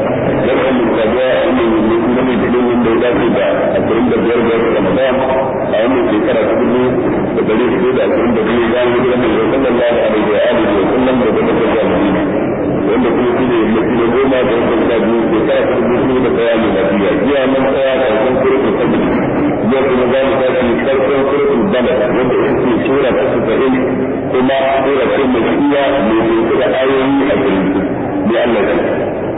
لكن الرجاء من المسلم يتدين من بيتاته بعد أكرم دبير بيت رمضان أعلم في كرة كله وبليس بيت أكرم دبير كان يقول أن صلى الله عليه وآله وسلم وبدأت الجاهلين وأن كل شيء المسلم يقول ما بيت الجاهلين وكانت المسلم بقيام الأبيع جاء من قيام أكرم كرة القدر جاء في مجال ذاته كرة كرة البلد وبدأت في سورة 90 كما سورة المسيح من سورة آية الكريم لأن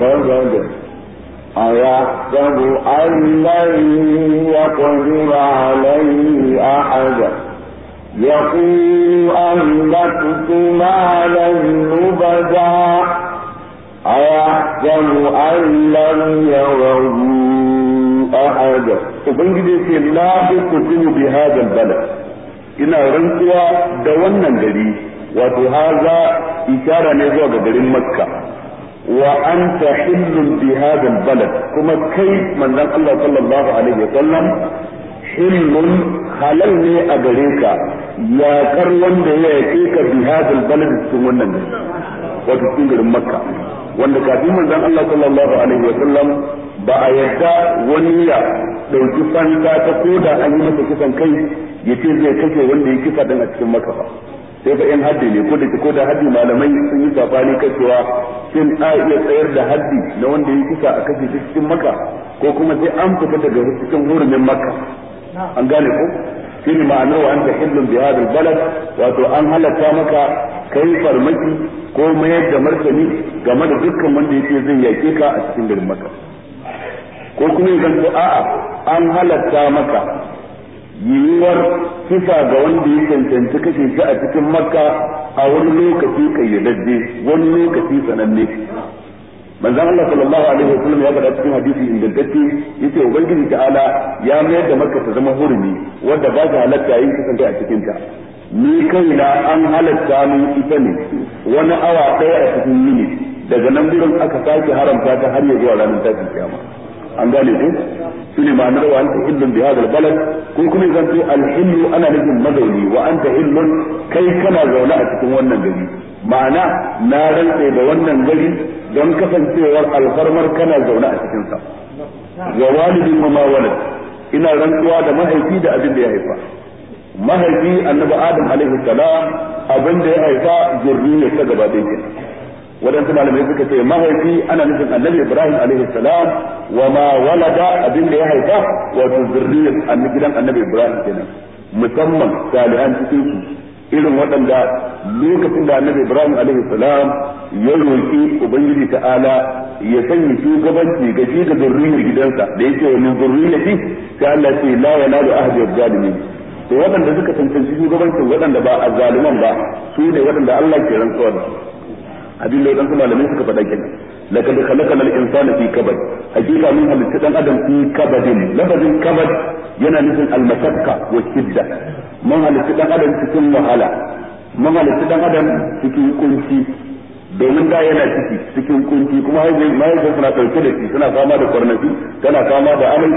سجد أيحسب أن لن يقدر عليه أحد يقول أهلكت مالا لبدا أيحسب أن لم يره أحد Ubangiji ce la uqsimu bi hadha al ina rantsuwa da wannan gari wato haza isara ne zuwa ga garin Makka wa anta hillun bi hadha balad kuma kai manzon Allah sallallahu alaihi wa sallam hillun halal ne a gare ka ya kar wanda ya yake ka bi hadha balad cikin wannan ne wato cikin garin Makka wanda kafin manzon Allah sallallahu alaihi wa sallam ba a yadda wani ya dauki fanta ta koda an yi masa kisan kai yace zai kashe wanda ya kisa dan a cikin Makka ba sai ba in haddi ne ko da ko da haddi malamai sun yi safani kai cewa sun a iya tsayar da haddi na wanda ya kisa a kashe shi cikin maka ko kuma sai an fita daga cikin hurumin maka an gane ko shi ne ma'anar wa anta hillun bi hadal balad wato an halatta maka kai farmaki ko mayar da martani game da dukkan wanda yake zai yake ka a cikin garin maka ko kuma yanzu a'a an halatta maka yiwuwar kisa ga wanda ya cancanci kashe shi a cikin makka a wani lokaci kayyadadde wani lokaci sananne manzan Allah sallallahu alaihi wasallam ya faɗa cikin hadisi ingantacce yace ubangiji ta'ala ya mayar da makka ta zama hurumi wanda ba ta halatta yin kisan kai a cikin ta ni kaina an halatta mu ita ne wani awa ɗaya a cikin yini daga nan gurin aka sake haramta ta har ya zuwa ranar tashin kiyama an gane ne shine ma'anar wa anta illun bi hadal balad ko kuma zan ce al ana nufin mazauni wa anta illun kai kana zaune a cikin wannan gari ma'ana na rantsa da wannan gari don kasancewar alfarmar kana zaune a cikin sa wa walidin ma walad ina rantsuwa da mahaifi da abin da ya haifa mahaifi annabi adam alaihi salam abin da ya haifa ta gaba ɗaya wadansu malamai suka ce mahaifi ana nufin annabi ibrahim alaihi salam wa ma walada abin da ya haifa wato zurriyar annabi gidan annabi ibrahim kenan musamman salihan cikin su irin waɗanda lokacin da annabi ibrahim alaihi salam ya roƙi ubangiji ta'ala ya sanya shugabanci ga shi ga zurriyar gidansa da yake wa min zurriyati sai Allah ce la yanalu ahdi zalimin to waɗanda suka tantance shugabancin waɗanda ba azzaluman ba su ne waɗanda Allah ke rantsuwa da su abin da ya ɗansu malamai suka faɗa kenan lakad khalaqal insana fi kabad hakika mun halitta dan adam fi kabadin labadin kabad yana nufin al-masakka wa shidda mun halitta dan adam cikin wahala mun halitta dan adam cikin kunci domin da yana ciki cikin kunci kuma mahaifin suna ɗauke da shi suna fama da kwarnafi tana fama da amai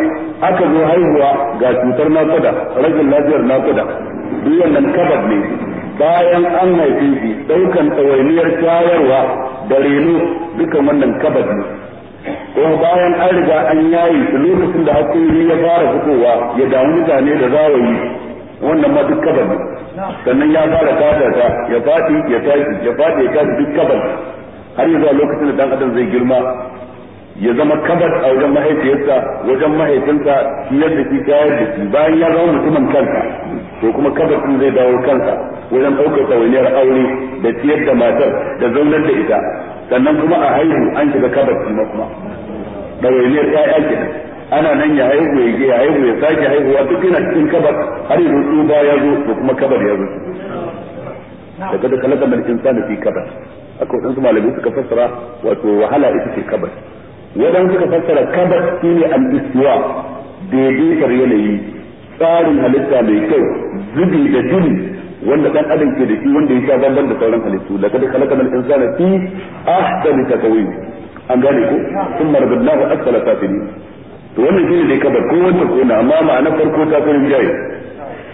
aka zo haihuwa ga cutar nakuda rashin lafiyar nakuda duk wannan kabad ne bayan an haife shi ɗaukan tsawainiyar shayarwa da reno duka wannan kabad ko bayan an riga an yayi lokacin da hakuri ya fara fitowa ya damu mutane da zawayi wannan ma duk kabad sannan ya fara kada ta ya fadi ya tashi ya fadi ya tashi duk kabad har yanzu lokacin da dan adam zai girma ya zama kabar a wajen mahaifiyarsa wajen mahaifinsa shi yadda shi kayar da shi bayan ya zama mutumin kansa to kuma kabar din zai dawo kansa wajen ɗaukar ɗawainiyar aure da ciyar da matar da zaunar da ita sannan kuma a haihu an shiga kabar shi kuma ɗawainiyar ƴaƴa kenan ana nan ya haihu ya je ya haihu ya sake haihuwa duk yana cikin kabar har yanzu ba ya zo to kuma kabar ya zo da kada kalaka mai insani fi kabar akwai wasu malamai suka fassara wato wahala ita ce kabar wadan suka fassara kabat shine al-istiwa daidaitar yanayi tsarin halitta mai kyau zubi da jini wanda dan adam ke da shi wanda ya sha bamban da sauran halittu laqad khalaqna al-insana fi ahsani taqwim an gane ko thumma radadnahu asfala safilin to wannan shine dai kabar ko wanda ko na amma ma'ana farko ta kun jaye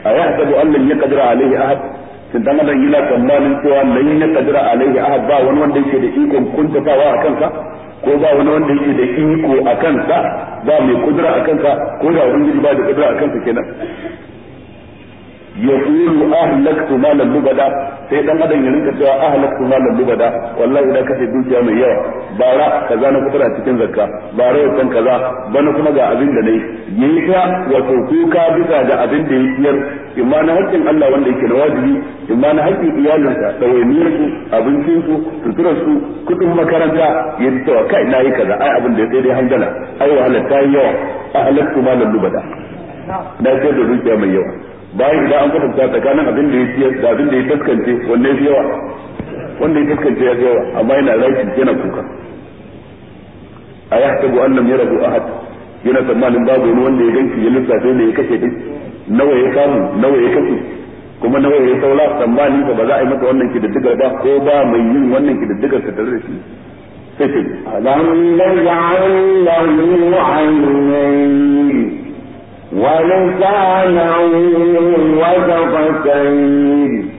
a yahsabu an lam yaqdira alaihi ahad sun dan adam yana tsammanin cewa lan yaqdira alaihi ahad ba wani wanda yake da ikon kuntatawa a kansa ko ba wani wanda yake da iko a kansa ba mai kudura a kansa ko da ubangiji ba da kudura a kansa kenan yaqulu ahlaktu malan lubada sai dan adam ya rinka cewa ahlaktu malan lubada wallahi da kace dukiya mai yawa bara kaza na a cikin zakka bara kan kaza bana kuma ga abin da nayi yayi ta wato kuka bisa ga abin da yake imma na Allah wanda yake da wajibi imma na haƙƙin iyalinsa dawainiyar su abincin su suturar su kudin makaranta ya ji cewa kai nayi kaza ai abin da ya dai hanjala ai wahalar ta yi yawa ahlaktu malan lubada na ce da dukiya mai yawa bayan idan an kwatanta tsakanin abin da ya da abin da ya taskance wanne ya fi yawa wanda ya taskance ya yawa amma yana raki yana kuka a ya tabu an lam yarahu ahad yana tsammanin babu wani wanda ya ganki ya lissafe ne ya kashe din nawa ya samu nawa ya kashe kuma nawa ya saula tsammani ba ba za a yi masa wannan kididdigar ba ko ba mai yin wannan kididdigar ta tare da shi sai ce alam naj'al lahu 'aynayn ولسانا وشفتين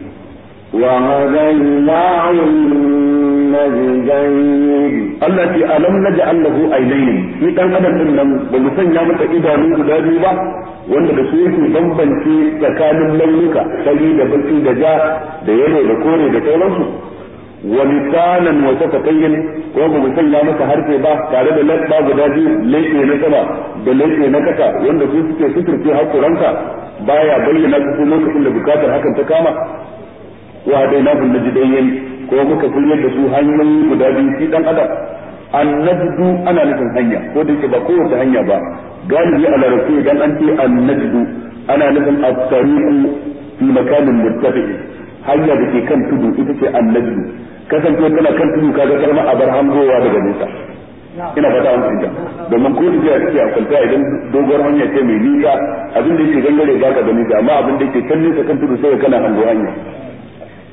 وهديناه النجدين Allah ce alam na ji Allah zuwa ainihin shi ɗan adam ɗin nan ba mu sanya masa idanu guda biyu ba wanda da su yake bambance tsakanin launuka sani da bakin da ja da yanayi da kore da sauransu wa lisanan wa sakatayn ko ba mu sanya masa harfe ba tare da labba guda biyu laifi na sama da laifi na kasa wanda su suke suturce hakuranka baya bayyana su lokacin da bukatar hakan ta kama wa na bin najidayyin ko muka kulle da su hanyoyi guda biyu shi dan adam annajdu ana nufin hanya ko da yake ba kowace hanya ba galibi a larabci idan an ce annajdu ana nufin at-tariqu fi makanin muttafiq hanya da ke kan tudu ita ce annabi kasance kana kan tudu kaga karma abraham zuwa daga nesa ina fata an fahimta domin ko da kake a kwanta idan dogon hanya ce mai nisa abin da yake gangare ba ka gani amma abin da yake kan nesa kan tudu sai kana hango hanya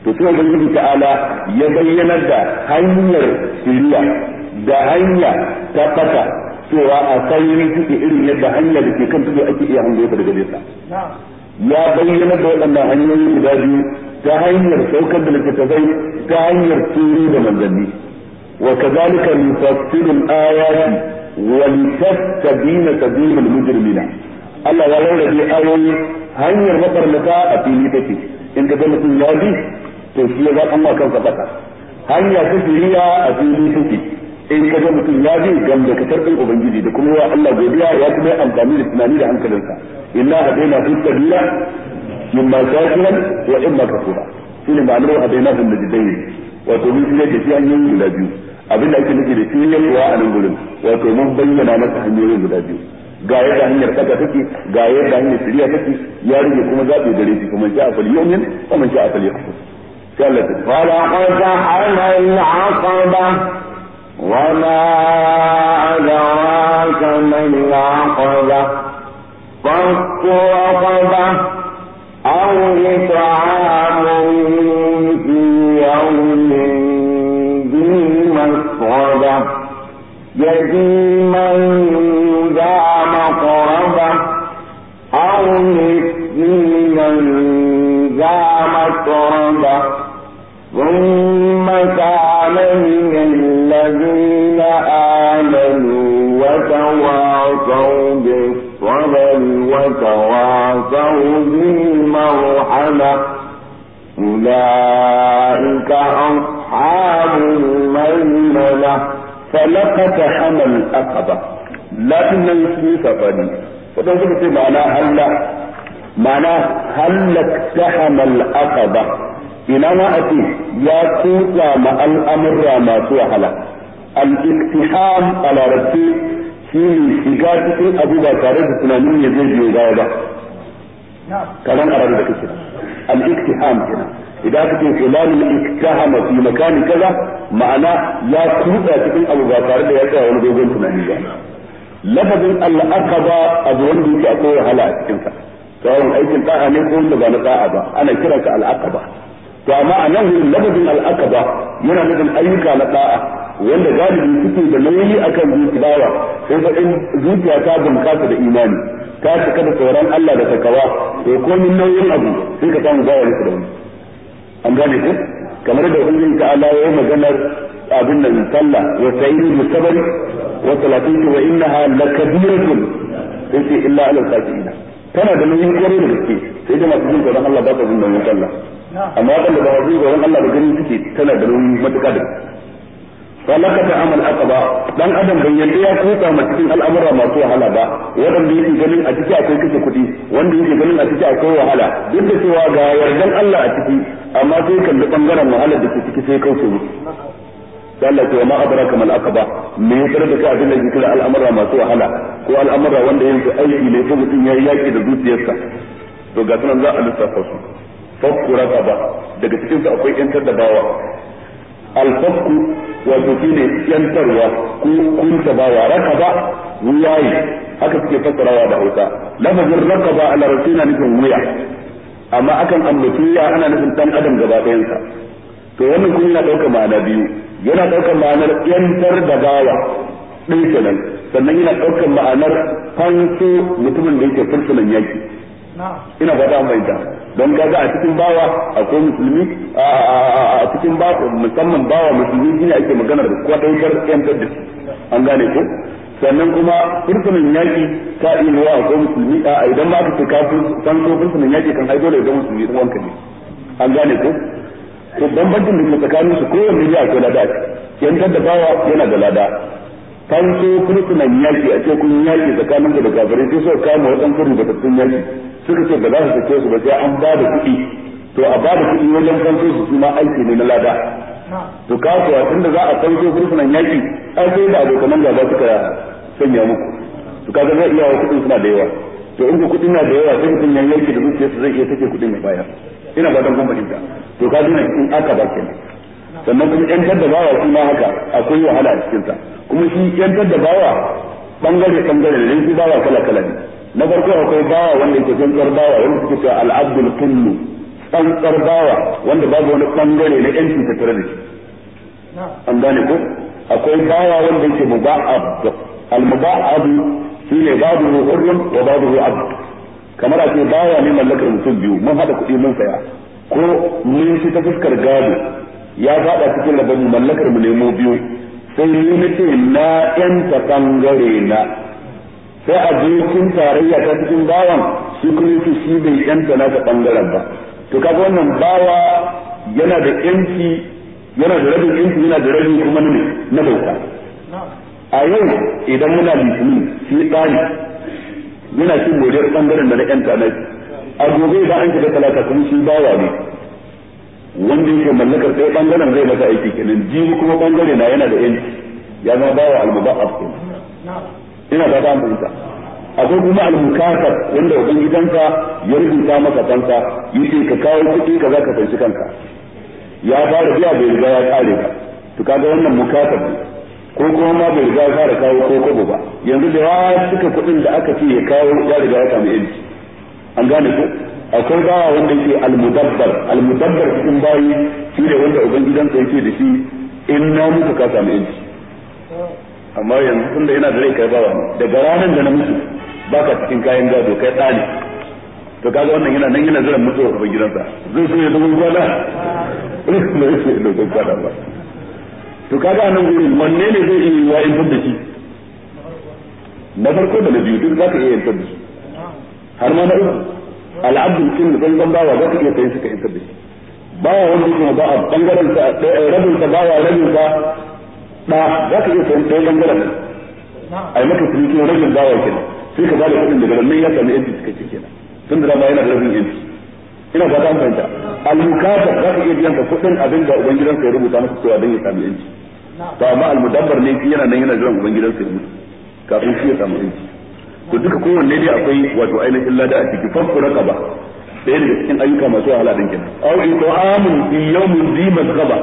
to sai ubangiji ta'ala ya bayyana da hanyar shiriya da hanya ta fata cewa a sayi suke irin yadda hanya da ke kan tudu ake iya hango ta daga nesa ya bayyana da waɗannan hanyoyi guda biyu ta hanyar saukar da littattafai ta hanyar turi da manzanni wa kazalika nufassilu al-ayati wa litastabina sabilul mujrimina Allah ya rarrabe ayoyi hanyar mafarmata a fili take in ka ga mutum ya bi to shi ya zaɓan ma kansa baka hanya ta shiriya a fili take in ka ga mutum ya bi gamda ka tarbi ubangiji da kuma ya Allah godiya ya kuma amfani da tunani da hankalinka inna hadaina fi sabila mimma shakiran wa imma kafura shine ma'anar hadaina fi najdai wato mun ne da shi an yi guda biyu abinda ake nufi da shi yawa a nan gurin wato mun bayyana masa hanyoyin guda biyu ga yadda hanyar kaka take ga yadda hanyar shirya take ya rige kuma zabe gare shi kuma ja'a fal yawmin wa man ja'a fal yakfur sai Allah ta fara qad hal aqaba وما أدراك من العقبة فك رقبة أو إطعام في يوم ذي مسغبة يتيما ذا مقربة أو مسكينا ذا متربة ثم وتواصوا بالصبر وتواصوا بالمرحمة أولئك أصحاب الميمنة فلقد حمل الأقبة لكن يسمي سفري وتنظر في معنى هلا معنى هل اقتحم الأقبة إلى ما أتيه يا توتا مع الأمر ما توهلا الاقتحام على رسول shi ne shiga cikin abu ba tare da tunanin ya zai biyo baya ba kalan arabu da kake al-iktiham kenan idan aka ce fulani iktihama fi makani kaza ma'ana ya kutsa cikin abu ba tare da ya tsaya wani dogon tunani ba lafazin al-aqaba abu wanda yake akwai wahala a cikin sa kawai aikin ta'a ne ko wanda ba na ta'a ba ana kiransa al-aqaba to amma a nan wurin labadin al'akaba yana nufin ayyuka na da'a wanda galibi suke da nauyi akan zuciya sai ba in zuciya ta bunkasa da imani ta cika da tsoron Allah da takawa to komin nauyin abu sai ka samu bawa da wani an gane ku kamar da ubangiji ta Allah ya maganar abin nan sallah wa sayyidul musabbar wa salatu wa innaha lakabiratun sai illa alal sakiina tana da nuyin kore da gaske sai da masu jin tsoron Allah ba su jin nauyin sallah amma wadanda ba su tsoron Allah da ganin suke tana da nuyin matuƙa da falaka ta amal ba dan adam bai yadda ya kusa ma cikin al'amura masu wahala ba wadanda yake ganin a ciki akwai kashe kuɗi wanda yake ganin a ciki akwai wahala duk da cewa ga yardan Allah a ciki amma sai kan da bangaren wahalar da ke ciki sai kauce Allah ce ma adraka mal aqaba me ya tsare da ka abin da ke kira al'amura masu wahala ko al'amura wanda yake aiki ne ko mutum yayi yaki da zuciyarsa to ga sunan za a lissafa su fakku raqaba daga cikin su akwai yantar da bawa al-fakku wato shine yantarwa ko kunta bawa raqaba wuyayi haka suke fassarawa da Hausa lafazin raqaba ala rasina nufin wuya amma akan ya ana nufin dan adam gaba ɗayansa to wannan kuma yana ɗaukar ma'ana biyu yana ɗaukar ma'anar yantar da bawa ɗaya kenan sannan yana ɗaukar ma'anar fanso mutumin da yake fursunan yaki ina ba ta mai don kaga a cikin bawa akwai musulmi a cikin bawa musamman bawa musulmi shine ake maganar kwatantar yantar da an gane ko sannan kuma fursunan yaki ta iya yiwa akwai musulmi a idan ba ka ka san sanko fursunan yaki kan haifo da musulmi ɗan wanka ne an gane ko to bambancin da tsakanin su wanne ya akwai lada yan da bawa yana da lada kan so suna yaki a ce kun yaki tsakanin da kafirai sai suka kama wadan kurin da tun yaki suka ce ba za su ke su ba sai an ba da kuɗi to a ba da kuɗi wajen kan so su ma aiki ne na lada to kasuwa tunda za a kuma suna yaki an sai da abokan gaba suka sanya muku to kaga zai iya wa kuɗin suna da yawa to in ku kuɗin na da yawa sai kun ya yaki da zuciyarsa zai iya take kuɗin ya bayar ina fatan kun fahimta to ka nuna in aka ba kenan sannan kuma yantar da bawa shi ma haka akwai wahala a cikinsa kuma shi yantar da bawa bangare bangare ne shi bawa kala kala ne na farko akwai bawa wanda yake tsantsar bawa wanda suke cewa al'abdul kullu tsantsar bawa wanda babu wani bangare na yanci ta tare da shi an gane ko akwai bawa wanda yake muba'ab al-muba'ab shine babu hurrun wa babu abd kamar a ce baya ne mallakar mutum biyu mun hada kuɗi mun saya ko mun shi ta fuskar gado ya faɗa cikin rabon mallakar mu nemo biyu sai ni na ce na bangare na sai a je tarayya ta cikin bawan shi kuma shi bai yanta na ta bangaren ba to kaga wannan bawa yana da yanci yana da rabin yanci yana da rabin kuma ne na bauta a yau idan muna litinin shi tsari yana cin moriyar bangaren da na yan tana a gobe da an shiga talaka kuma shi bawa ne wanda yake mallakar sai bangaren zai masa aiki kenan jibi kuma bangare na yana da yanci ya zama bawa almubahab kenan ina ba ta amfanta akwai kuma almukasar wanda ka ya rubuta maka kanka yake ka kawo kuɗi ka za ka fanshi kanka ya fara biya bai riga ya kare ka to kaga wannan mukasar ne ko kuma ma bai riga fara kawo ko kobo ba yanzu da ya cika kuɗin da aka ce ya kawo ya riga ya samu yanci an gane ko akwai bawa wanda yake almudabbar almudabbar cikin bayi shi ne wanda ubangidansa yake da shi in na muku ka samu yanci amma yanzu tunda yana da rai kai bawa ne daga ranar da na mutu baka cikin kayan gado kai tsani to kaga wannan yana nan yana jiran mutuwar ubangidansa zai so ya zama gwada ba zai so ya zama gwada ba to kaga anan gurin wanne ne zai iya yiwa in da shi na farko da na biyu duk ka iya yantar da shi har ma na uku al'abdu kin da bangan bawa zaka iya kai suka yantar da shi bawa wanda kuma ba a bangaren sa eh, rabin sa bawa rabin sa da zaka iya kai ɗaya bangaren ai maka cikin rabin bawa kenan sai ka bada kuɗin daga nan ya sami yadda suka ce kenan tun da ba yana da rabin yanci ina ba ta fahimta al-mukata za ka iya biyan ka kuɗin abin da ubangidan sai rubuta masa cewa dan ya samu yanci to amma al-mudabbar ne yana nan yana jiran ubangidan sai mutu kafin shi ya samu yanci to duka kowanne dai akwai wato ainihin lada a ciki raka ba. ɗaya daga cikin ayyuka masu wahala din kenan aw it'amun fi yawmin dhi mazghaba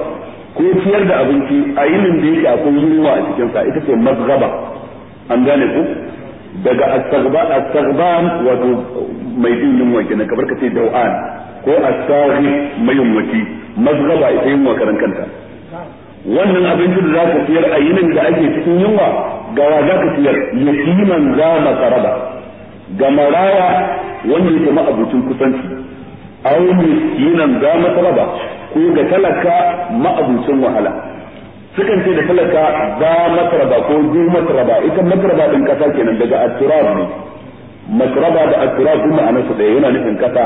ko ciyar da abinci a yinin da yake akwai yunwa a cikin sa ita ce mazghaba an gane ku daga astagban wato mai jin yunwa kenan kamar ka ce dau'an ko a asari mai yunwaci mazgaba ita yunwa karan kanta wannan abinci da za ka siyar a yinin da ake cikin yunwa gawa za ka siyar yatiman za ma karaba ga maraya wanda ya kama abucin kusanci au miskinan za ma karaba ko ga talaka ma'abucin wahala sukan ce da talaka za makaraba ko zu makaraba ita makaraba din kasa kenan daga aturab ne makraba da akrab kuma a nasu ɗaya yana nufin kasa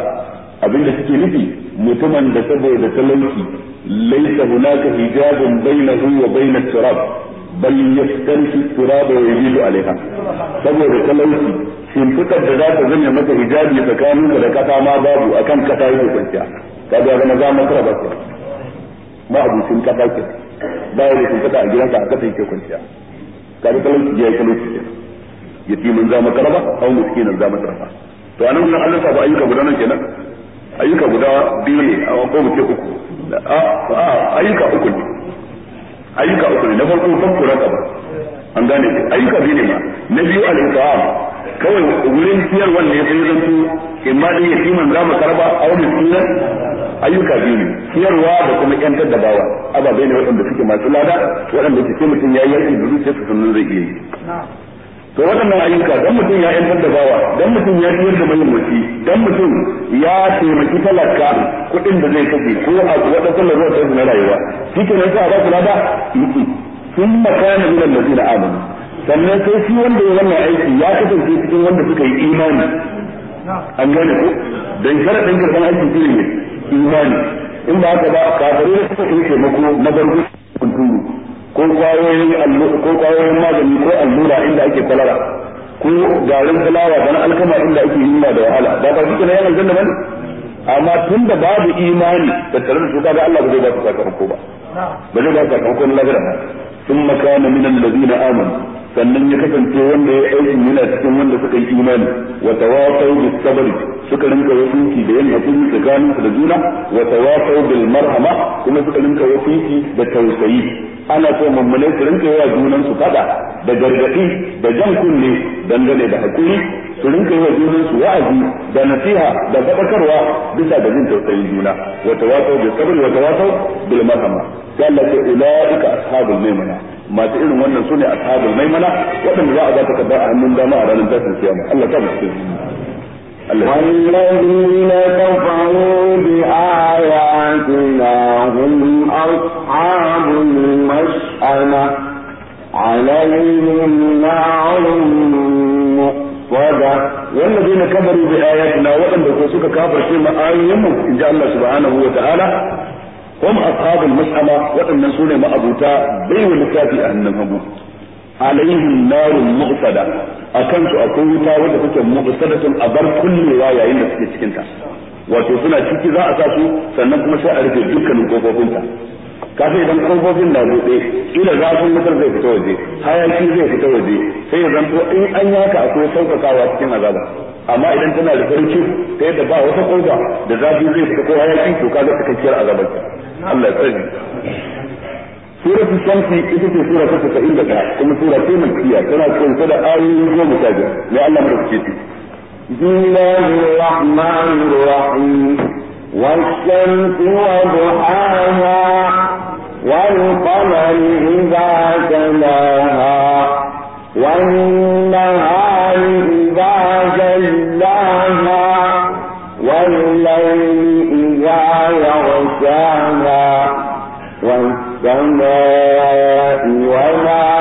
abinda suke nufi mutumin da saboda talauci laisa hunaka hijabun bainahu wa bainat turab bal yastarki turab wa yajidu alaiha saboda talauci shimfitar da za ta zanya maka hijabi tsakaninka da kasa ma babu akan kasa yake kwanciya kaga zama za makraba ke ba sun kasa ke ba ya da shimfita a gidanka a kasa yake kwanciya kaga talauci ya yi talauci kenan yatimin za mu karaba aw miskinan za matrafa to anan sai Allah ba ayyuka guda nan kenan ayyuka guda biyu ne a ko mu ce uku a ayyuka uku ne ayyuka uku ne na farko kan kura ka an gane ku ayyuka biyu ne ma na biyu al kawai wurin tiyar wanda ya sai zanto imma da yatiman za mu karaba aw miskinan ayyuka biyu ne tiyarwa da kuma yantar da bawa ababai ne waɗanda suke masu lada waɗanda suke mutum ya yi yanki da zuciyarsa sannan zai iya yi da waɗannan ayyuka dan mutum ya yantar da bawa dan mutum ya ciyar da mahimmanci dan mutum ya taimaki talaka kuɗin da zai kashe ko a wata sallar zuwa ta na rayuwa shi ke nan sai a ba su lada yake sun makana min allazina amanu sannan sai shi wanda ya wannan aiki ya kasance cikin wanda suka yi imani an gane ko dan sharadin karban aiki shi ne imani in ba haka ba kafirai suka yi taimako na gargaɗi kunturu ko kwayoyin ko kwayoyin magani ko allura inda ake kwalara ko garin fulawa da na alkama inda ake yunwa da wahala ba ka fitina ne yana zanna amma tun da babu imani da tare da su kaga Allah ba zai ba su sakamako ba ba zai ba su sakamako na lagarin sun makana minan lazina amanu sannan ya kasance wanda ya aiki yana cikin wanda suka yi imani wa tawafau bis sabri suka rinka wasiki da yin hakuri tsakanin su da juna wa tawafau bil marhama kuma suka rinka wasiki da tausayi ana so mummunai su rinka yawa junan su fada da gargadi da jan kunne dangane da hakuri su rinka yawa junan su wa'azi da nasiha da faɗakarwa bisa da jin tausayin juna wa tawasau bil sabr wa tawasau bil marhama sai Allah ya ulaika ashabul maimuna masu irin wannan sune ashabul maimuna waɗanda za a ba ta kada a hannun dama a ranar tashin kiyama Allah ta musu والذين كفروا بآياتنا هم أصحاب المشأمة عليهم نار مؤصدة والذين كفروا بآياتنا وأن تكون كافر فيما آيهم إن جاء الله سبحانه وتعالى هم أصحاب المشأمة وأن نسون ما أبوتا بين الكافي أهنم همه alaihim narun mu'sada akan su akwai wuta wadda take tun a bar kullewa yayin da suke cikin ta wato suna ciki za a sa su sannan kuma sai a rufe dukkanin kofofin ta kafi idan kofofin na buɗe ila su mutar zai fita waje hayaki zai fita waje sai ya zanto in an yaka akwai sauƙaƙawa cikin azaba amma idan tana da farki ta yadda ba wata ƙofa da zafi zai fita ko hayaki to kaga cikakkiyar azabar Allah ya tsare sura ta shamsi ita ce sura ta sa'in da kuma sura ta makiya tana kunsa da ayoyin goma sha biyar ne Allah mai rufe ta. Bismillahi rahmani rahim والشمس وضحاها والقمر إذا تلاها والنهار إذا جلاها والليل إذا يغشاها السماء وما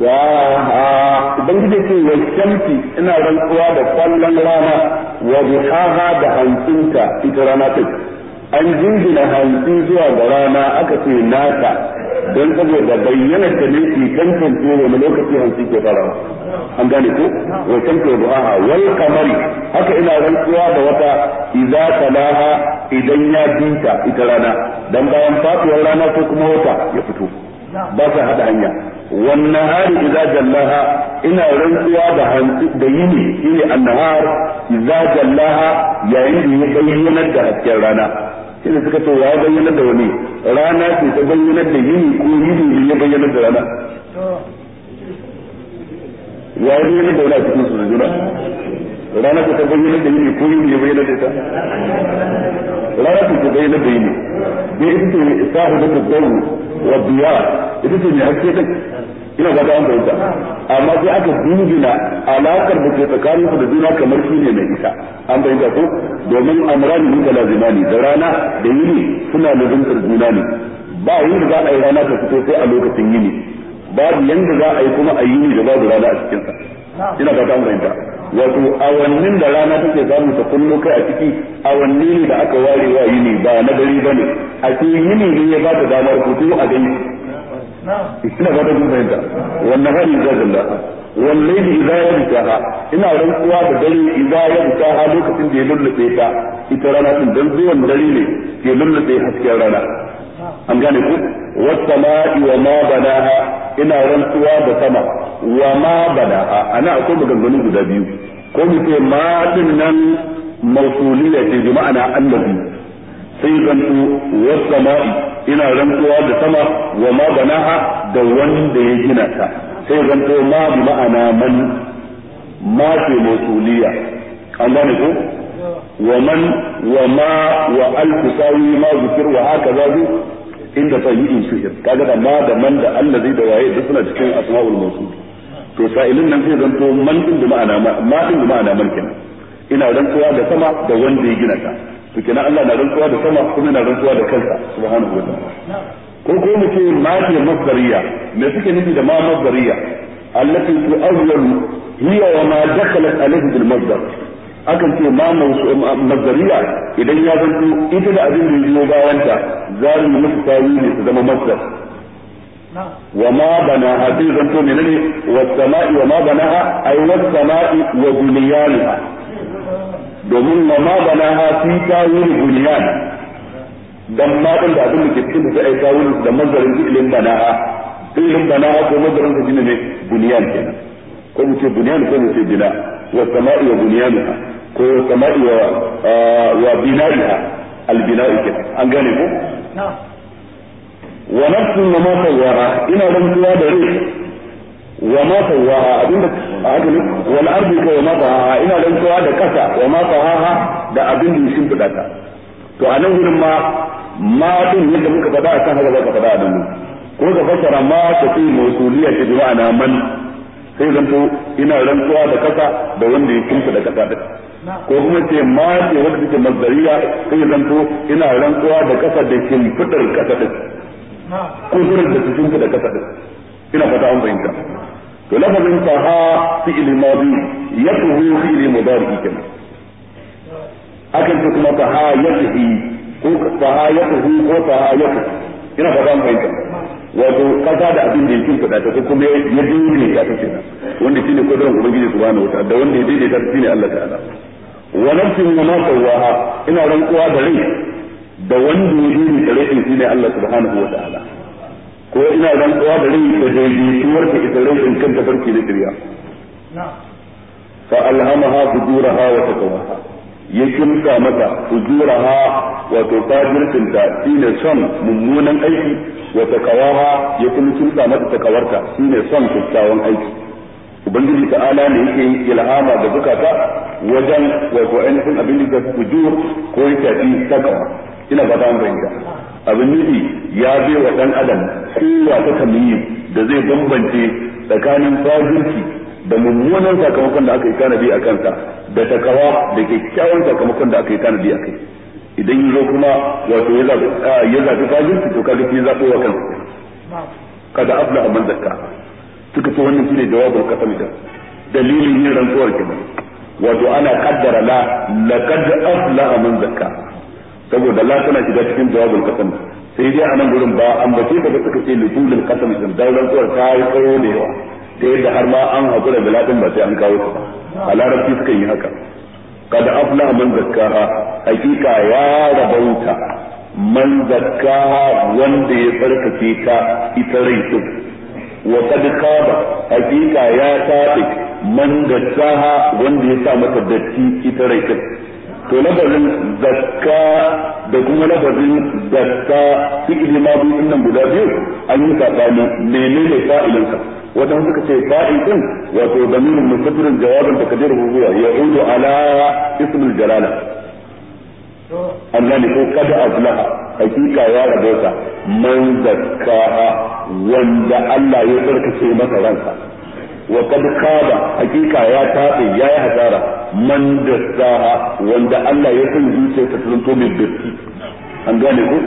wa ha ubangiji ce wa shamsi ina rantsuwa da kwallon rana wa duhaha da hantsinta ita rana ta an jingina hantsi zuwa ga rana aka ce nasa don saboda bayyana ta ne ke tantance wani lokaci hantsi ke farawa an gane ko wa shamsi wa duhaha wal kamari haka ina rantsuwa da wata idza talaha idan ya binta ita rana dan bayan faduwar rana ko kuma wata ya fito ba sa hada hanya والنهار إذا جلاها إن رنسوا بهن ديني إلي النهار إذا جلاها يعني يبين الدهت رانا إذا سكتوا يا بين الدوني رانا تبين الديني كوني يبين الدرانا ya yi ne da wani a cikin su juna rana ta rana ce ta bai na bai ne bai ita ce sahu da tattaru wa biya ita ce mai haske ta ina ba ta an fahimta amma sai aka dingina alakar da ke tsakanin su da juna kamar shi ne mai isa an fahimta ko domin amrani ne da lazimani da rana da yi yini suna lazimtar juna ne ba yin da za a yi rana ta fito sai a lokacin yini babu yanda za a yi kuma a yini da babu rana a cikinsa ina ba ta an fahimta wato awannin da rana take samun ta kullu kai a ciki awanni ne da aka ware wa yini ba na gari bane a cikin yini ne ya ba ta damar hutu a gani ina ba da fahimta wannan hari da zalla wallahi idza yabtaha ina rantsuwa da dare idza yabtaha lokacin da ya lullube ta ita rana din dan zuwan dare ne ke lullube hasken rana an gane ku wasama'i wa ma banaha ina rantsuwa da sama wa ma banaha ana akwai maganganu guda biyu ko mu ce ma din nan mausuliya ce bi ma'ana annabi sai zanto wasama'i ina rantsuwa da sama wa ma banaha da wanda ya gina ta sai zanto ma bi ma'ana man ma ce mausuliya an gane ku ومن وما وألف ما ذكر وهكذا inda ta yi shuhir kaga da ma da man da Allah zai da waye duk suna cikin asma'ul mawsul to sa'ilin nan zai zanto man din da ma'ana ma din da ma'ana man kenan ina rantsuwa da sama da wanda ya gina ta to kenan Allah na rantsuwa da sama kuma na rantsuwa da kansa subhanahu wa ta'ala ko ko mu ce ma ke masdariya me suke nufi da ma masdariya allati tu'awwal hiya wa ma dakhalat alayhi bil masdar akan ce ma mazariya idan ya zanto ita da abin da yiwo bawanta za mu musu ne su zama masar wa ma banaha zai zanto menene wa sama'i wa ma banaha ay wa sama'i wa bunyanha domin wa ma banaha fi tawili bunyan dan ma din da abin da ke cikin da ai tawili da mazarin ilmin banaha ilmin banaha ko mazarin da shine ne bunyan kenan ko mu ce bunyan ko mu ce bina wa sama'i wa bunyanha ko kamar wa wa bina'iha albina'i ke an gane ko wa nafsin wa ma sawwara ina rantsuwa da rai wa ma sawwara abinda a haka ne wal ardi ko ma fahaha ina rantsuwa da kasa wa ma fahaha da abin da shin fidata to a nan gurin ma ma din yadda muka faɗa a kan haka za ka faɗa a nan ko ka fassara ma ta fi mausuliya ke jima'a na man sai zanto ina rantsuwa da kasa da wanda ya kinsa da kasa ko kuma ce ma ce wanda take mazdariya sai zanto ina rantsuwa da kasa da fitar kasa din ko kuma da shimfidar kasa din ina fata an fahimta to lafazin fi fi'il madi yatuhu fi'il mudari kenan akan ce kuma saha yatuhi ko saha yatuhu ko saha yatuhu ina fata an fahimta wato kasa da abin da ya kinta ta kuma ya dole ya ta ce wanda shine kudurin ubangiji subhanahu wa ta'ala da wanda ya daidaita shine Allah ta'ala wa nafsin ma sawaha ina rantsuwa da rai da wanda ya yi tsare shi ne Allah subhanahu wa ta'ala ko ina rantsuwa da rai da daidaituwar ta ita rai in kanta farki da kiriya fa alhamaha fujuraha wa taqwaha ya kimsa mata fujuraha wato fajirtinta shine son mummunan aiki wa taqwaha ya kuma kimsa mata takawarta shine son kyakkyawan aiki ubangiji ala ne yake yin ilhama da zukata wajen wato ainihin abin da kujur ko ya tafi saka ina ba ta fahimta abin nufi ya bai wa dan adam kowa ta kamiyi da zai bambance tsakanin fajirki da mummunan sakamakon da aka yi tanadi a kansa da takawa da kyakkyawan sakamakon da aka yi tanadi a kai idan yi zo kuma wato ya zafi fajirki to kaga shi zafi wa kansa kada afla a man zakka suka ce wannan shine jawabul qasam din dalilin yin rantsuwar kenan wato ana kaddara la laqad aflaha man zakka saboda la tana shiga cikin jawabul qasam sai dai anan gurin ba an bace ka ba suka ce lutulul qasam din daular rantsuwar ta yi tsawo da yawa ta yadda har ma an hakura da latin ba sai an kawo su a larabci suka yi haka kada aflaha man zakkaha hakika ya rabauta man zakkaha wanda ya tsarkake ta ita rai wa qad khaba hakika ya tabi man dakkaha wanda ya sa mata datti ita rai to lafazin zakka da kuma lafazin zakka fi'ili ma bi guda biyu an yi sabani menene fa'ilin sa wadan suka ce fa'il din wato damirin mustaqbilin jawabin takdiruhu huwa ya'udu ala ismil jalala an gane ko kada azlaha hakika ya rabota man zakkaha wanda Allah ya tsarkake masa ransa wa kad khaba hakika ya tabe ya yi hasara man dassaha wanda Allah ya san zuciyarsa ta zanto mai datti an gane ko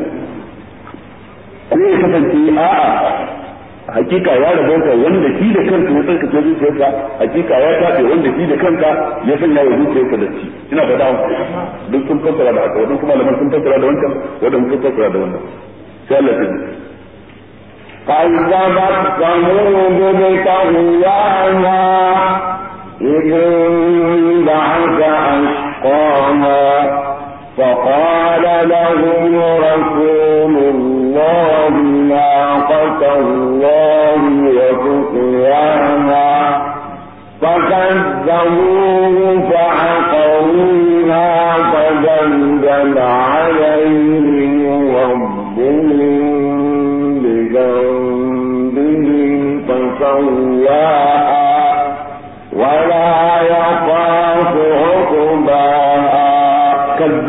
ko ya kasance a'a hakika ya rabu rabauta wanda shi da kanka ya tsarkake zuciyarsa hakika ya tafi wanda shi da kanka ya sanya wa zuciyarsa da shi ina faɗa wa duk sun fassara da haka kuma malaman sun fassara da wancan wadansu sun fassara da wannan sai Allah ta ya كذبت ثمود بطغياها إذ انبعث أشقاها فقال لهم رسول الله رحمة الله وتقواها فكذبوه فعقروها فدمدم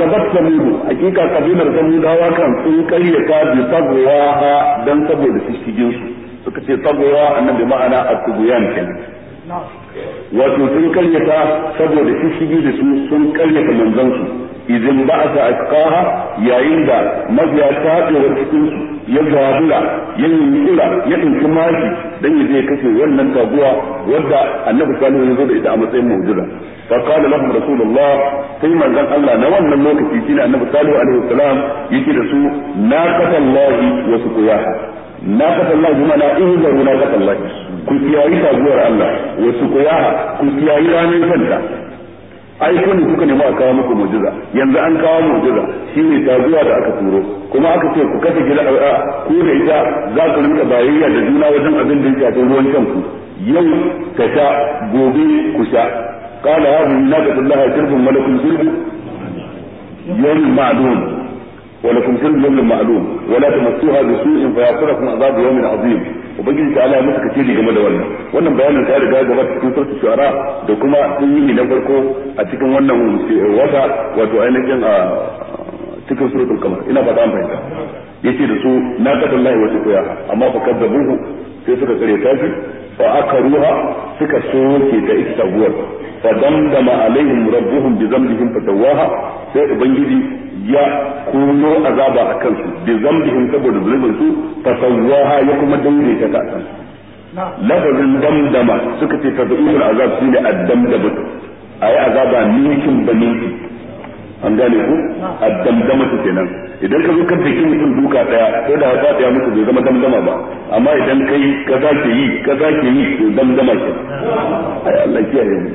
kazzabat samud hakika kabilar samudawa kan sun ta bi tagwaha dan saboda fishigin su suka ce tagwa annabi ma'ana at-tubyan kenan wato sun karyata saboda shishigi da su sun karyata manzansu idan ba a sa asqaha yayin da mabiya taɗewar cikin su ya zabura ya nuna ya dinki mashi dan ya je kashe wannan taguwa wadda annabi sallallahu alaihi wasallam ita a matsayin mu'jiza fa qala lahum rasulullah sai manzon Allah na wannan lokaci annabu annabi sallallahu alaihi wasallam yake da su na naqatallahi wa suqiyaha naqatallahi mana ihzaru naqatallahi ku kiyayi sabuwar Allah wa su kuyaha ku kiyayi ranar kanta ai kun ne kuka nemi a kawo muku mu'jiza yanzu an kawo mu'jiza shine taguwa da aka turo kuma aka ce ku kace gida ku da ita za ku rinka bayayya da juna wajen abin da yake a ruwan kanku yau ka sha gobe ku sha قال هذه ناقة الله شرب ولكم شرب يوم معلوم ولكم شرب يوم معلوم ولا تمسوها بسوء فيأخذكم عذاب يوم عظيم ubangiji ta Allah masa kace game da wannan wannan bayanin ta riga gaba cikin sura shuara da kuma yi na farko a cikin wannan eh, wata wato ainihin a ah, cikin suratul kamar ina fata an fahimta yace da su na kadallahi wata koya amma fa buhu sai suka tsare ta shi fa ruha suka soke ta ita guwar fa damdama alaihim rabbuhum bi dhanbihim fatawaha sai ubangiji ya kuno azaba a kansu bi zambihin saboda zulmin su fa sawwaha ya kuma daidaita ta kansu lafazin damdama suka ce ta tabi'ul azab shine a damdama ayi azaba nikin baninki an gane ku a damdama kenan idan ka zo kan take mutum duka daya ko da haka ya mutu bai zama damdama ba amma idan kai za ke yi za ke yi to damdama ke ai Allah kiyaye mu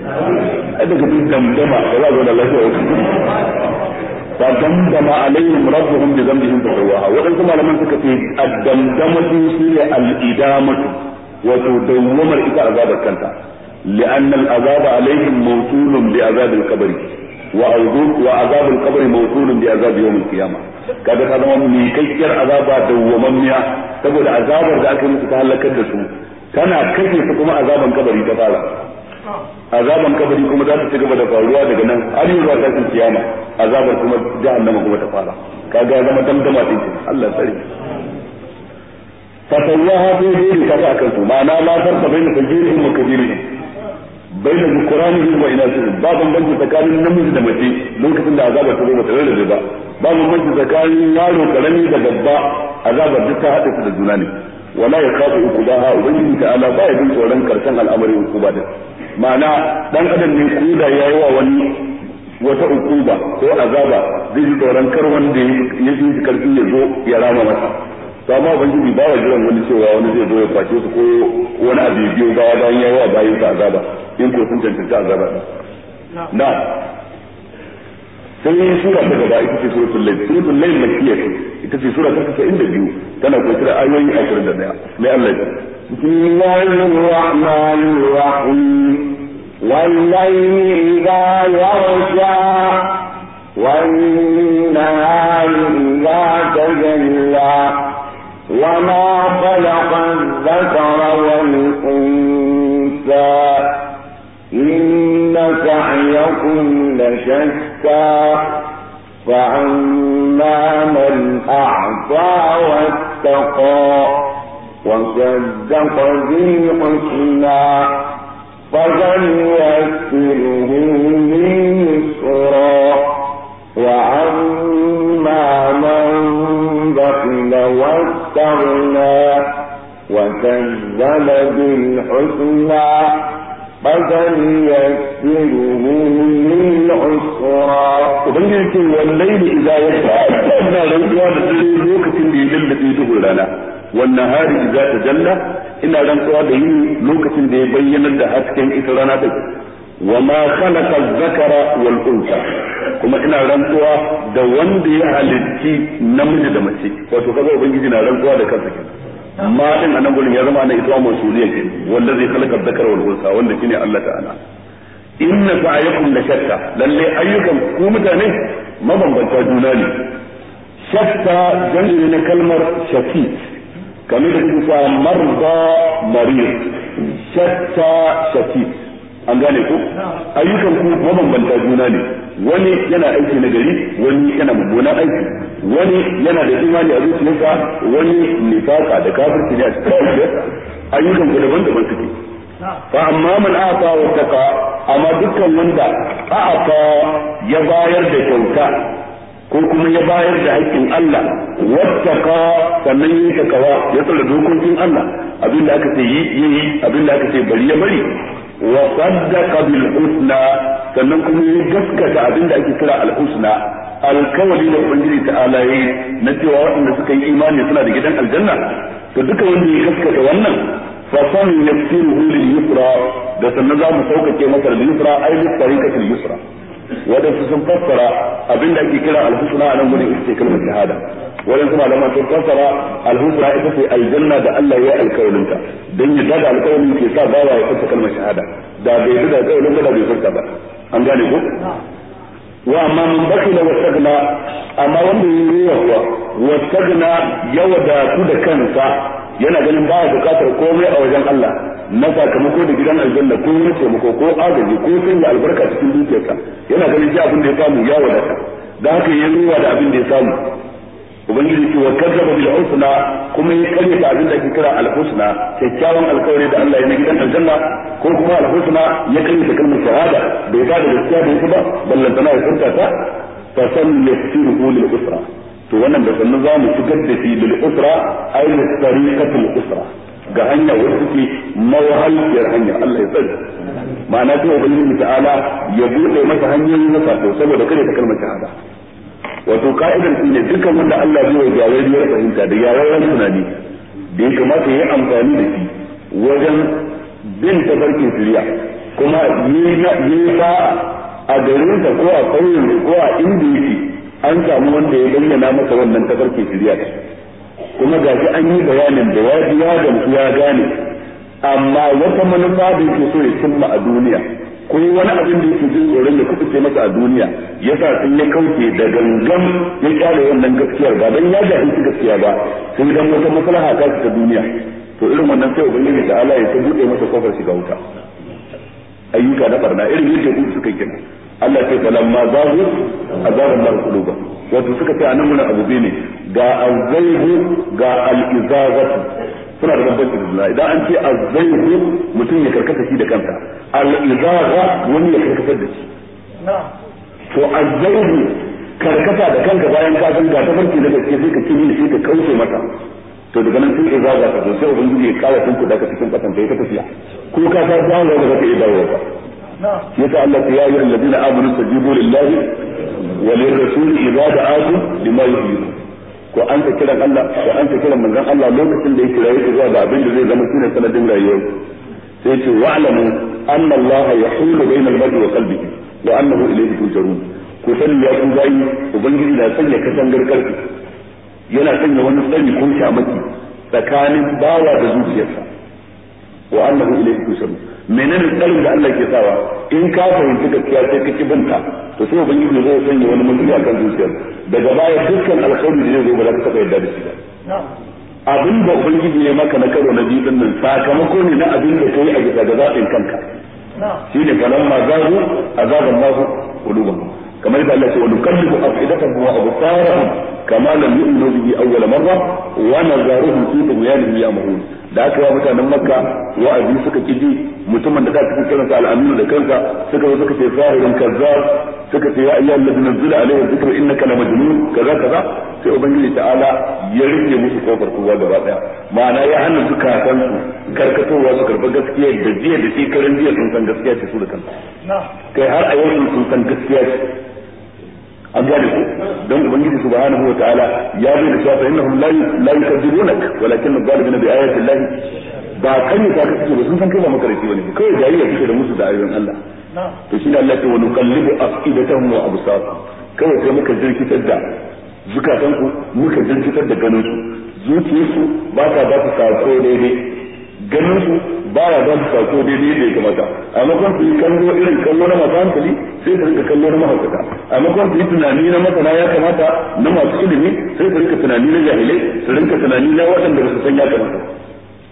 ai daga duk damdama ba za zo da lafiya fa damdama alaihim rabbuhum bi dhanbihim fa sawaha wadansu malaman suka ce addamdamatu shine al-idamatu wato dawwamar ita azabar kanta لأن العذاب عليهم موصول بعذاب القبر وعذاب وعذاب القبر موصول بعذاب يوم القيامة كذا هذا من كيكر عذاب دومميا تقول عذاب ذاك المتهلك الدسو كان كيف تقوم عذاب القبر تفعله azaban kabari kuma za ta ci gaba da faruwa daga nan har yi zuwa tashin kiyama azabar kuma jahannama kuma ta fara kaga zama damdama din Allah ya fatawaha fi dini kaga akan su ma'ana la farqa baina sajirihim wa kabirihim baina dhukuranihim ina inasihim ba bambanci tsakanin namiji da mace lokacin da azabar ta zo mata rarrabe ba ba bambanci tsakanin yaro karami da babba azabar duk ta haɗe su da juna ne wala yakhafu ukubaha ubangiji ta'ala ba ya bin tsoron karshen al'amari ukuba din ma'ana dan adam ne da yayi wa wani wata ukuba ko azaba zai ji tsoron kar wanda ya yi shi karfi ya zo ya rama masa to amma ubangiji ba wa jiran wani cewa wani zai zo ya kwace su ko wani abu biyo baya bayan yayi wa bayin azaba in ko sun tantance azaba na sai yi sura ta gaba ita ce suratul layl suratul layl makkiya ce ita ce sura ta 92 tana tura ayoyi 21 mai Allah ya bismillahir rahmanir rahim والليل إذا يغشى والنهار إذا تجلى وما خلق الذكر والأنثى إن سعيكم لشتى فأما من أعطى واتقى وصدق بالحسنى فسنيسره لليسرى وأما من بخل واستغنى وكذب بالحسنى فسنيسره للعسرى وبنجلك والليل إذا يسرى أنا رنقوا لدري لوكة بيلل duhun rana wannan hari za ta jalla ina rantsuwa da yini lokacin da ya bayyana da hasken ita rana din wa ma khalaqa zakara wal unsa kuma ina rantsuwa da wanda ya halitti namiji da mace wato kaga ubangiji na rantsuwa da kansa kenan ma din anan gurin ya zama ana ita masuliya ke wanda zai khalaqa dhakara wal unsa wanda shine Allah ta'ala inna sa'yakum la shatta lalle ayyukan ku mutane mabambanta juna ne shatta jami'i na kalmar shafi kamar da kuka marda marir shatta shafi an gane ku ayyukan ku juna ne wani yana aiki na gari wani yana mummunan aiki wani yana da imani a zuciyarsa wani nifaka da kafirci ne a cikin zuciyarsa ayyukan ku daban-daban suke fa amma man ata wa taqa amma dukkan wanda ata ya bayar da kyauta ko kuma ya bayar da haƙƙin Allah wattaqa sannan yin takawa ya tsara dokokin Allah abinda aka ce yi yi abinda aka ce bari ya bari wa saddaqa bil husna sannan kuma ya gaskata abin da ake kira al'usna husna alkawali da ubangiji ta alaye na cewa waɗanda suka yi imani suna da gidan aljanna to duka wanda ya gaskata wannan fa sanu yasiru lil yusra da sannan za mu sauƙaƙe masa lil yusra ai lil tariqatil yusra wadansu sun fassara abin da ake kira alhusna a nan gurin ita ce kalmar shahada wadansu malaman sun fassara alhusna ita ce aljanna da Allah ya alkawarinta don yadda da alkawarin ke sa bawa ya fassa kalmar shahada da bai yi da alkawarin ba da bai fassa ba an gane ko wa amma mun bakila wa sagna amma wanda yayi yawa wa sagna yawa da ku da kansa yana ganin ba baya bukatar komai a wajen Allah na sakamako da gidan aljanna ko wani taimako ko agaji ko yi albarka cikin dukiyarka yana ganin ji abin da ya samu ya wadata da haka ya ruwa da abin da ya samu ubangiji ce wa kazzaba bil husna kuma ya kare ta abin da ake kira al husna kyakkyawan alkawari da Allah ya na gidan aljanna ko kuma al husna ya kare ta kalmar shahada bai ba da gaskiya da ita ba ballantana ya furta ta fa sallu yasiru lil usra to wannan da sannan za mu shigar da shi bil usra ay bil tariqatil usra ga hanya wacce ke mawhalciyar hanya Allah ya tsare ma'ana ta ubangiji ta'ala ya bude masa hanyoyin na to saboda kare ta kalmar shahada wato ka'idar shi ne dukkan wanda Allah zai yi yawayyar fahimta da yawayyar tunani da ya kamata ya yi amfani da shi wajen bin tafarkin shirya kuma yi sa'a a garinsa ko a ƙauyen ko a inda yake an samu wanda ya bayyana masa wannan tafarki shirya ta kuma ga shi an yi bayanin da ya ya gamsu ya gane amma wata manufa da yake so ya cimma a duniya ko wani abin da yake jin tsoron da kuka ce masa a duniya ya sa sun ya kauce da gangan ya kyale wannan gaskiyar ba don ya shi gaskiya ba sai dan wata maslaha ta ta duniya to irin wannan sai ubangiji da ala ya ta buɗe masa kofar shiga wuta ayyuka na barna irin yadda suka kina Allah ce falamma zahu azara Allah quluba wato suka ce anan mun abu ne ga azaihu ga al-izazatu suna da babban da idan an ce azaihu mutum ya karkata shi da kanta al-izaza wani ya karkatar da shi to azaihu karkata da kanka bayan ka san ga tafarki da gaske sai ka ci ne sai ka kauce mata to daga nan sai izaza ka zo sai ubangiji ya kawo tunku daga cikin da ya tafiya ko ka ta dawo daga ka iya dawo ba yasa Allah ya yi alladina amanu tajibu lillahi wa lirrasul idza da'akum lima yuhyikum ko an ka kira Allah ko an ta kira manzon Allah lokacin da yake rayuwa zuwa ga abin da zai zama shine sanadin rayuwar sai ce wa'lamu anna Allah yahulu bayna al-mar'i wa qalbihi wa annahu ilayhi turja'un ko san ya ku bayi ubangiji na sanya kasangar karfi yana sanya wani sani ko shamaki tsakanin bawa da zuciyarsa wa annahu ilayhi turja'un menene tsarin da Allah ke sawa in ka fahimci gaskiya sai ka kibinta to sai ubangiji zai sanya wani mutum a kan zuciyar daga baya dukkan alkhairi da zai zo ba za ka taba yadda da shi ba abin da ubangiji ne maka na karo na biyu din nan sakamako ne na abin da kai a gida da zaɓin kanka shi ne falamma zaru azaban mahu qulubahum kamar da Allah ce wa nukallibu afidatahum wa absarahum kama lam yu'minu bihi awwal marra wa nazaruhum fi tughyanihim ya'mahun da aka yi mutanen makka wa'azi suka kiji mutumin da suka karanta al'aminu da kanka suka zo suka ce zahirin kaza suka ce ya ayyuhal ladina zila alaihi dhikra innaka la majnun kaza kaza sai ubangiji ta'ala ya rike musu kofar kowa gaba daya ma'ana ya hana su kafan su karkatowa su karba gaskiya da jiya da shi karan jiya sun san gaskiya ce su da kansu kai har a yau sun san gaskiya ce an gane ku don ubangiji subhanahu wataala ya bai da cewa fa innahum la la yukadibunak walakin adh-dhalimina bi ayati Allah ba kan ka kake ba sun san kai ba makarfi bane kai jayayya kike da musu da ayoyin Allah to shi ne Allah ta wa nuqallibu afidatahum wa absarahum kawai sai muka jirkitar da zukatan ku muka jirkitar da ganin su zuciyarsu ba ta ba su sako daidai ganin su baya ba su sako daidai da ya kamata a makon su yi kallo irin kallo na masu hankali sai su rika kallo na mahaukata a makon su yi tunani na masana ya kamata na masu ilimi sai su rika tunani na jahilai su rika tunani na waɗanda ba su san ya kamata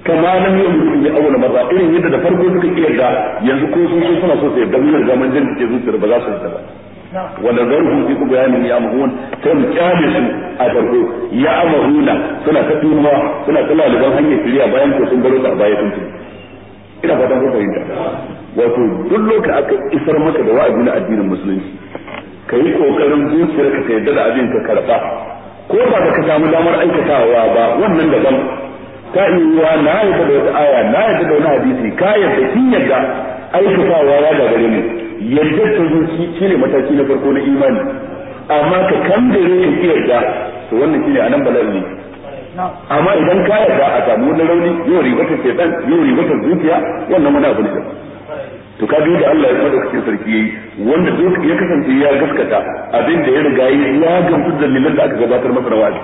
kama nan yau mutum ya auna maza irin yadda da farko suka iya da yanzu ko sun so suna so su yadda mun zaman mun jin ke zuciyar ba za su yarda ba wanda zan fi ku bayanin ya mahun sai kan kyale su a farko ya mahuna suna ta tunuwa suna ta laliban hanyar shirya bayan ko sun baro da a baya tuntuni ina fatan ko fahimta wato duk lokacin aka isar maka da wa'azi na addinin musulunci ka yi kokarin zuciyar ka yarda da abin ka karɓa ko ba ka samu damar aikatawa ba wannan daban ta iya na yadda da wata aya na yarda da wani hadisi ka yadda kin yarda aikatawa ya gare mu yarda ta zuci shine mataki na farko na imani amma ka kambare ka yarda to wannan shine anan bala'i amma idan ka yarda a samu wani rauni yau ribatar shaitan yau ribatar zuciya wannan wani abu ne to ka da Allah ya kuma cikin sarki yayi wanda duk ya kasance ya gaskata abin da ya riga yi ya gamsu da da aka gabatar masa na wa'azi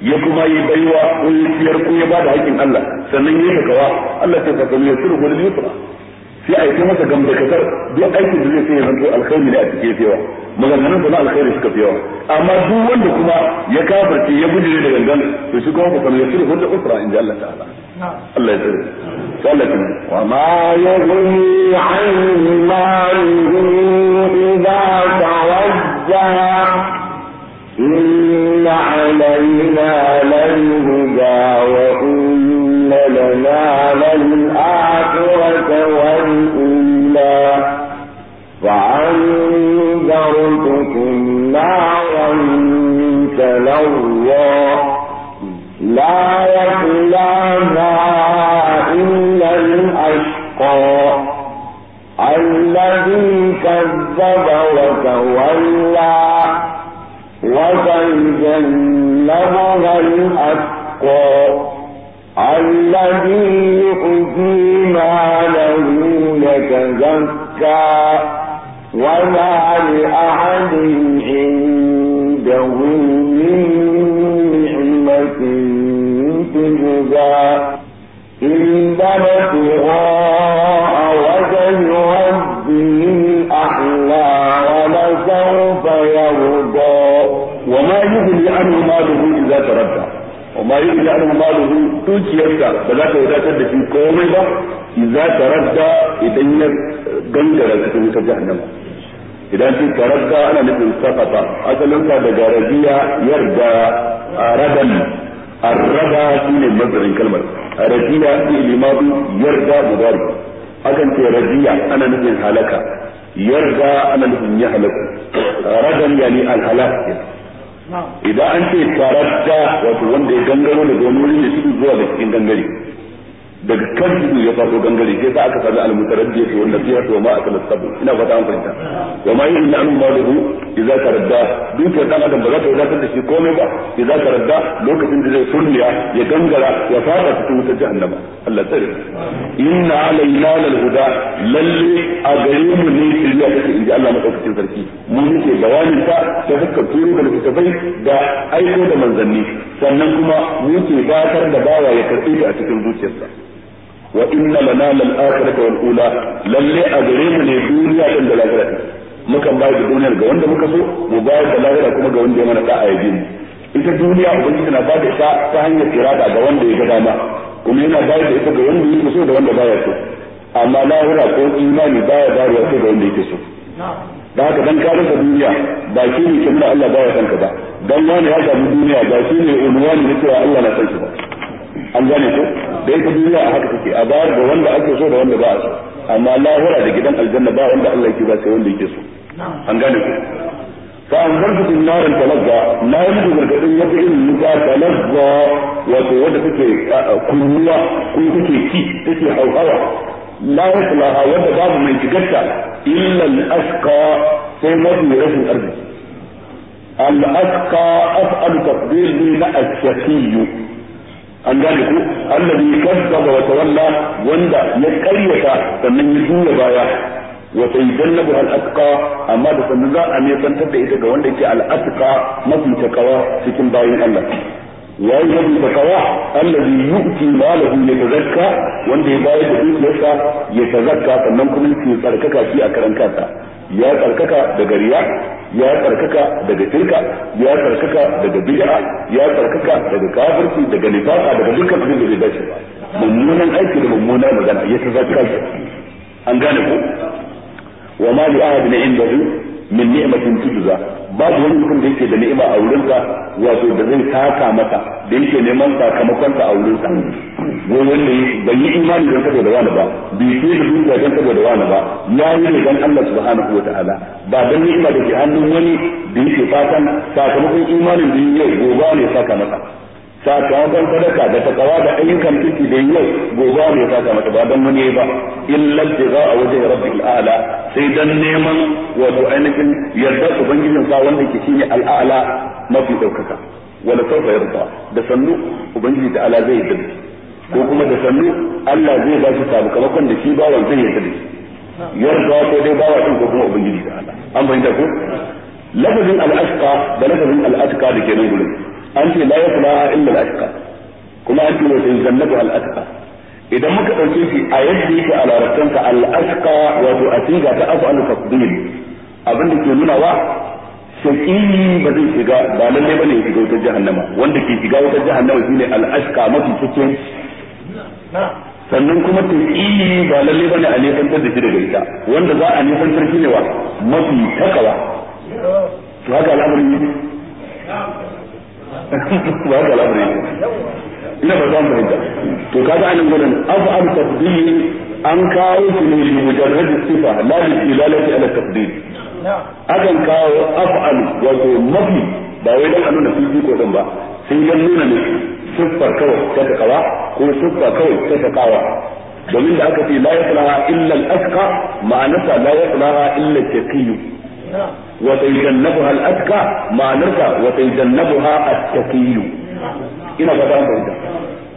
ya kuma yi baiwa ko ya ciyar ko ya bada haƙƙin Allah sannan ya kawa Allah ta saka mu ya sulhu lil yusra sai a yi masa gamda kasar duk aikin da zai sai zan to alkhairi ne a cikin yawa maganganun sa na alkhairi suka fi yawa amma duk wanda kuma ya kafirce ya gudure da gangan to shi kuma kusan ya shirya hujja usra inda Allah ta'ala Allah ya tsare sai Allah ya wa ma yughni anhu maluhu idza tawajja inna alaina lahu gawa لنا على الآخرة والأولى فأنذرتكم نارا تلوى لا يصلاها إلا الأشقى الذي كذب وتولى وسيجنبها الأشقى الذي يؤتي ماله يتزكى وما لأحد عنده من نعمة تجزى إلا ابتغاء وجه ربه الأحلى ولسوف يرضى وما يغني عنه ماله إذا تردى amma yi da alhu maluhu dukiyarsa ba za ta wadatar da shi komai ba za idza taradda idan ya gangara cikin wuta jahannama idan shi taradda ana nufin sakata asalin sa daga rabiya yarda aradan arraba ne mazarin kalmar rabiya fi limadu yarda mubarak akan ce rabiya ana nufin halaka yarda ana nufin ya halaku radan yani al idan an ce ta wato wanda ya gangaro daga domin wuri ne su zuwa da cikin gangare daga kan tudu ya faɗo gangare sai sa aka sami almutaraddi to wannan fiya to ma aka sabu ina fata an fahimta wa ma yin la'an malihu idza taradda dukiyar dan adam ba za ta wadatar da shi komai ba idza taradda lokacin da zai sulliya ya gangara ya fada cikin wutar jahannama Allah tsare inna alaina lal huda lalle a gare mu ne shirya take inji Allah madaukakin sarki mu ke bayanin ta ta fuskar turu da littafai da aiko da manzanni sannan kuma mu ke fatar da bawa ya karɓe a cikin zuciyarsa wa inna lana lal akhirata wal ula lalle a gare mu ne duniya din da lahira mukan bayar da duniyar ga wanda muka so mu bayar da lahira kuma ga wanda ya mana da'a ya mu ita duniya ubangiji na bada ita ta hanyar irada ga wanda ya ga dama kuma yana bayar da ita ga wanda yake so da wanda baya so amma lahira ko imani baya bayarwa sai ga wanda yake so da haka dan ka rasa duniya ba shi ne kin da Allah baya san ka ba dan wani ya samu duniya ba shi ne unwani ne cewa Allah na san ka ba an gane ko da yake duniya a haka take a bayar da wanda ake so da wanda ba a so amma lahira da gidan aljanna ba wanda Allah yake ba sai wanda yake so an gane ku fa an zarta bin narin talaga na yanzu gargadin wata irin nuka talazza wato wanda take kunuwa ko take ki take hauhawa la yaslaha wanda babu mai shigarta illa al-asqa sai mafi rashin arziki al-asqa af'al tafdil na al-shaqiyyu an gane ku allazi kazzaba wata walla wanda ya karyata sannan ya juya baya wa sayyidannabu al-atqa amma da sannan za a nisantar da ita ga wanda ke al'aduka atqa mafi takawa cikin bayan Allah yayi mafi takawa allazi yu'ti malahu yatazakka wanda ya bayar da dukiyarsa ya tazakka sannan kuma yake tsarkaka shi a karan kansa ya tsarkaka daga riya ya tsarkaka daga shirka ya tsarkaka daga bid'a ya tsarkaka daga kafirci daga nifaka daga dukkan abin da zai dace ba mummunan aiki da mummunan magana ya tazakka an gane ko wa ma li ahadin indahu min ni'matin tujza babu wani mutum da yake da ni'ima a wurinsa wato da zai saka masa da yake neman sakamakonsa a wurinsa wai wanda bai yi imani don saboda wani ba bai yi da dukiya don saboda wani ba ya yi ne don Allah subhanahu wa ta'ala ba don ni'ima da ke hannun wani da yake fatan sakamakon imanin da yi yau gobe ne saka masa sakamakon sadaka da takawa da ayyukan ciki da yi yau gobe ne saka mata ba dan wani ba illa za a wajen rabbi ala sai dan neman wato ainihin yarda ubangijin sa wanda ke shine al'ala mafi daukaka wala sawfa yarda da sannu ubangiji da ala zai yarda ko kuma da sannu Allah zai ba shi sakamakon da shi bawan zai yarda yarda ko dai bawa din ko kuma ubangiji da ala an bayyana ko lafazin al da lafazin al da ke nan gurin an ce la yasla illa al-ashqa kuma an ce wa jannatu al-atqa idan muka dauke shi a yadda yake a larabtan ka al-ashqa wato asiga ta af'alu tafdil abin da ke nuna wa shaqi ba zai shiga ba lalle bane ya shiga wutar jahannama wanda ke shiga wutar jahannama shine al-ashqa mafi cikin sannan kuma taqiyi ba lalle bane a nisantar da shi daga ita wanda za a nisantar shi ne wa mafi takawa to haka al'amarin ne ba ga al'amari ina ba za mu fahimta to ka kaga anan gurin abu an tafdili an kawo shi ne li mujarrad sifa la li ilalati ala tafdil akan kawo af'al wato mafi ba wai dan nuna fifi ko dan ba sai dan nuna ne siffar kawai ta ta takawa ko siffa kawai ta ta takawa domin da aka ce la yaslaha illa al-asqa ma'anarsa la yaslaha illa al-taqiyyu وتجنبها الأتقى ما نرقى وتجنبها التقي ina fata mun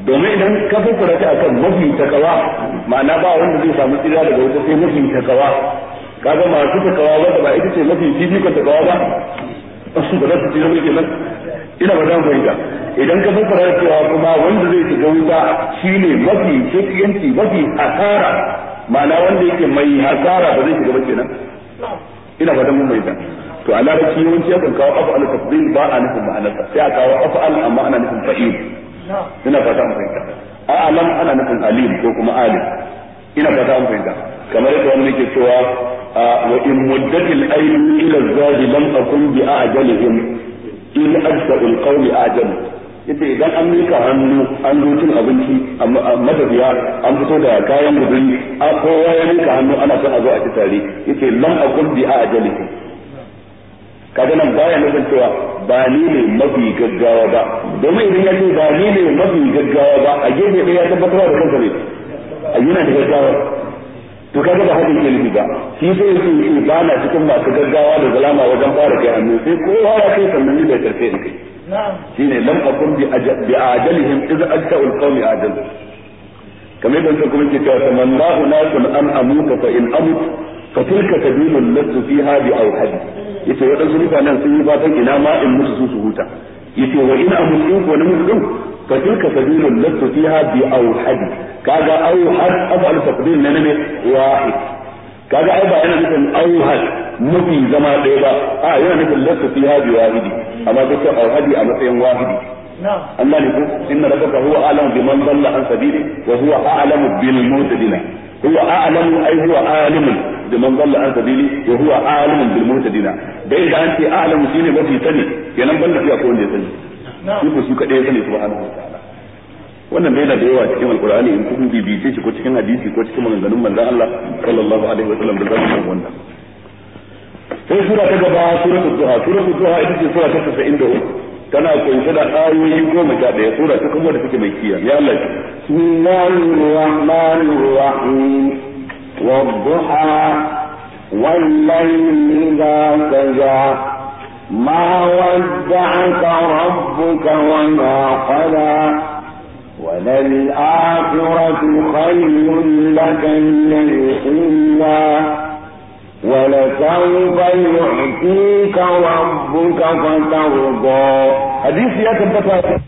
domin idan ka fukura ta akan mafi takawa ma'ana ba wanda zai samu tsira daga wata sai mafi takawa kaga masu takawa wanda ba ita ce mafi fifikon takawa ba ba za su tsira mai kenan ina ba zan fahimta idan ka fukura cewa kuma wanda zai shiga wuta ne mafi shakiyanci mafi hasara ma'ana wanda yake mai hasara ba zai shiga ba kenan ina ba zan fahimta to a larabci yawanci yakan kawo af'al tafdil ba a nufin ma'anarsa sai a kawo af'al amma ana nufin fa'il ina fata mu fahimta a alam ana nufin alim ko kuma alim ina fata mu fahimta kamar yadda wani ke cewa wa in muddatil ayn ila zaji lam akun bi ajalihim in ajsa'ul qawli ajal yace idan an mika hannu an zo cin abinci madabiya an fito da kayan gudun kowa ya mika hannu ana son a zo a ci tare yace lam akun bi ajalihim kaga nan baya nufin cewa ba ni ne mafi gaggawa ba domin idan ya ce ba ni ne mafi gaggawa ba a gefe ɗaya ya tabbatar da kansa ne a yana da gaggawa to kaga ba hakan ke nufi ba shi sai yake yi eh, ba na cikin masu gaggawa da zalama wajen fara kai hannu sai kowa ya kai sannan ni bai karfe in kai shine lam akun bi bi ajalihim idza akta al qawmi ajal kamar yadda kuma ke cewa tamanna unasun an amuta fa in amut fa tilka sabilul ladzi fiha bi awhad yace wadansu mutanen sun yi fatan ina ma in musu su su huta yace wa ina amun ko na mutum fa tilka sabilul ladzi fiha bi awhad kaga awhad afal taqdir ne ne wahid kaga ai ba yana nufin awhad mafi zama ɗaya ba a yana nufin ladzi fiha bi amma dukkan awhadi a matsayin wahidi Allah ko inna rabbaka huwa a'lamu biman dalla an a'lamu bil هو a'lamu ai هو عالم بمن ضل عن سبيلي وهو عالم بالمهتدين بين bil muhtadina dai da an ce a'lamu shine mafi sani kenan banda fiya ko wanda ya sani shi ko wannan bai da yawa cikin alqur'ani in kun bibice shi ko cikin hadisi ko cikin maganganun manzon Allah sallallahu alaihi wa sallam da yi wannan sai sura ta gaba suratul duha suratul duha ita ce sura ta 93 tana kunshe da ayoyi goma sha daya sura ta kuma da take mai kiyaye ya Allah ki بسم الله الرحمن الرحيم والضحى والليل إذا سجى ما ودعك ربك وما قلى وللآخرة خير لك من الحلى ولسوف يعطيك ربك فترضى حديث يا تبتها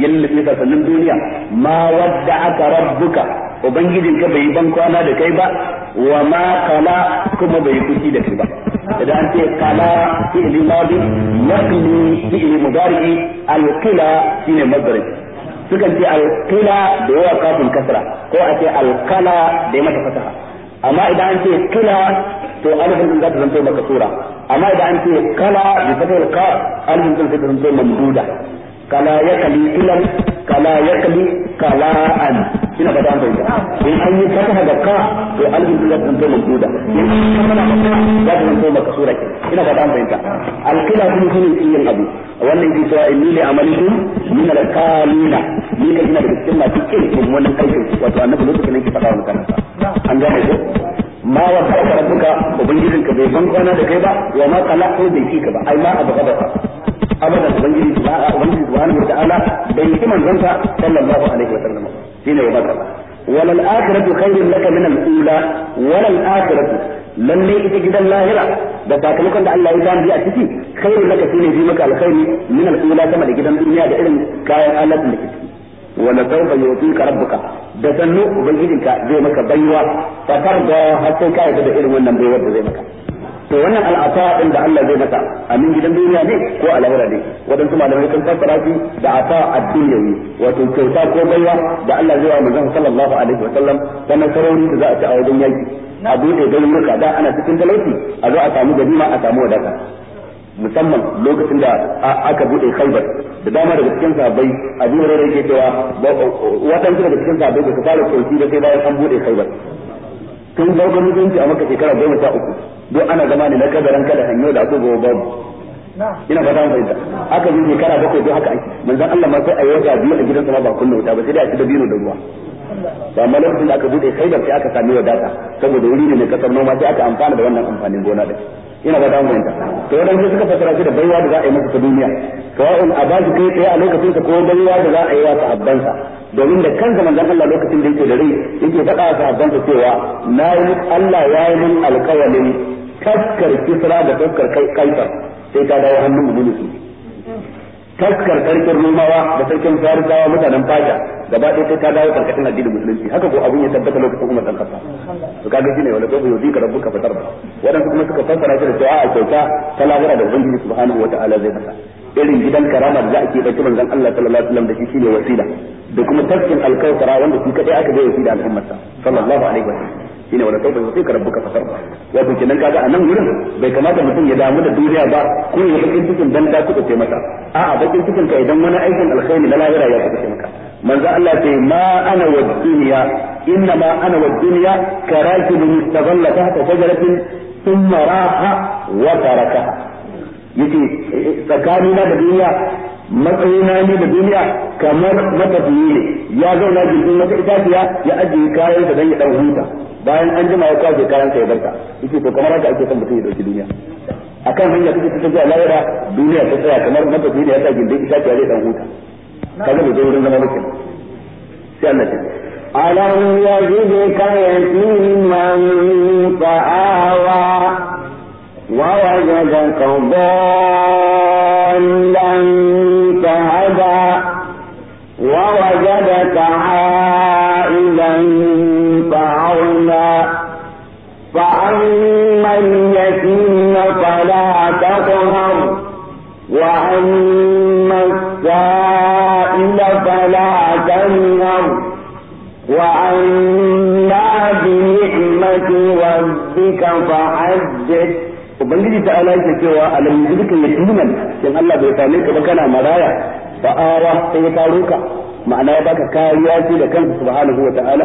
ya lallafe sasannin duniya ma wadda aka rabbuka ka bai ban kwana da kai ba wa ma kala kuma bai kuci da kai ba idan an ce kala fi'li madi yaqli fi'li mudari al-qila shine mazari sukan ce al-qila da yawa kafin kasra ko a ce al-kala da mata fasaha amma idan an ce kila to alifin din za ta maka sura amma idan an ce kala bi fatil ka alifin din sai ta zanto mamduda kala yakali ilan kala yakali kala'an ina ba ta bai in an yi fata da ka to alif da zan to mabduda in an yi fata da ka za ta zanto sura ke ina ba ta bai alkila alqila kun kun yin abu wannan yake cewa inni li amalikum min kalina ni ka ina da cikin masu kirkin wannan kai wato annabi lokacin yake fada wa kansa an gane ko ma wa ka rabbuka ubangijinka bai ban kwana da kai ba wa ma ko bai ka ba ai ma abu ka abada ubangiji ubangiji subhanahu wa ta'ala bai yi manzanta sallallahu alaihi wa sallam shine wa baka wal akhiratu khairun laka min al ula wal akhiratu lalle ita gidan lahira da sakamakon da Allah ya samu a ciki khairun laka shine bi maka alkhairi min al ula sama da gidan duniya da irin kayan Allah da kake wala sawfa yutika rabbuka da sannu ubangijinka zai maka baiwa fa da har sai ka yarda da irin wannan baiwar da zai maka to wannan al'ata din da Allah zai maka a min gidan duniya ne ko a lahira ne wadansu malamai sun fassara shi da ata ad-dunyawi wato kyauta ko baiwa da Allah zai wa manzon sallallahu alaihi wasallam ta nasarori da za a ci a wajen yaki a bude garuruka da ana cikin talauci a zo a samu gadima a samu wadata musamman lokacin da aka bude khaibar da dama daga cikin sabai a jirar da ke cewa waɗansu daga cikin sabai ba su fara tsoki da sai bayan an bude khaibar tun farkon mutunci a maka shekara goma sha uku duk ana zama ne na kadaran kada hanyo da akwai gobe babu ina fata mai fahimta aka yi shekara bakwai duk haka ake manzon Allah ma sai a yi wata biyu a gidan ma ba kunna wuta ba sai dai a ci da biyu da ruwa ba malamin lokacin da aka bude khaidar sai aka sami wadata saboda wuri ne na kasar noma sai aka amfana da wannan amfanin gona da ina ba damu fahimta to wannan sai suka fasara shi da baiwa da za a yi masa ta duniya wa'un a ba shi kai tsaye a lokacin sa ko baiwa da za a yi wa sa domin da kansa manzon Allah lokacin da yake da rai yake faɗa wa sa cewa na yi Allah ya yi min alƙawalin taskar kisra da taskar kaisar sai ta dawo hannun mulki su taskar sarkin rumawa da sarkin farisawa mutanen fasha gaba ɗaya sai ta dawo karkashin addinin musulunci haka ko abun ya tabbata lokacin umar dan kasa to kaga shine wala ko yau zika rabbuka fatar ba wadanda kuma suka fassara shi da cewa a kyauta ta lahira da ubangiji subhanahu wataala zai fasa irin gidan karama da za a ke da kiran zan Allah sallallahu alaihi wasallam da shi shine wasila da kuma tafkin alkautara wanda shi kadai aka bai wasila al'ummarsa sallallahu alaihi wasallam shine wala tauba sai ka rabbuka fasar wato kenan kaga a nan wurin bai kamata mutum ya damu da duniya ba ko ya bakin cikin dan da kuka ce mata a'a bakin cikin ka idan wani aikin alkhairi na lahira ya kuka ce maka manzo Allah ce ma ana wa dunya inna ma ana wa dunya karakibun istadalla tahta shajaratin thumma raha wa tarakaha yace eh, eh, tsakanina da duniya matsayina ne da duniya kamar matafiyi ne ya zauna jirgin wata itaciya ya ajiye kayan sa dan ya dan huta bayan an jima ya kwaje kayan sa ya barka yace to kamar haka ake son mutum ya dauki duniya akan hanya kake ta zuwa lahira duniya ta tsaya kamar matafiyi ne ya sa gindin itaciya zai dan huta kaga bai zo wurin zama mutum sai Allah ya ألم يجدك يتيما فآوى ووجدك ضالا ربك هدى ووجدك عائلا فأغنى فأما اليتيم فلا تقهر وأما السائل فلا تنهر وأما بنعمة ربك فحدث ubangiji ta ala yake cewa alam yuzika yatiman in Allah bai same ka ba kana maraya fa awa sai ya karo ka ma'ana ya baka kariya ce da kansa subhanahu wataala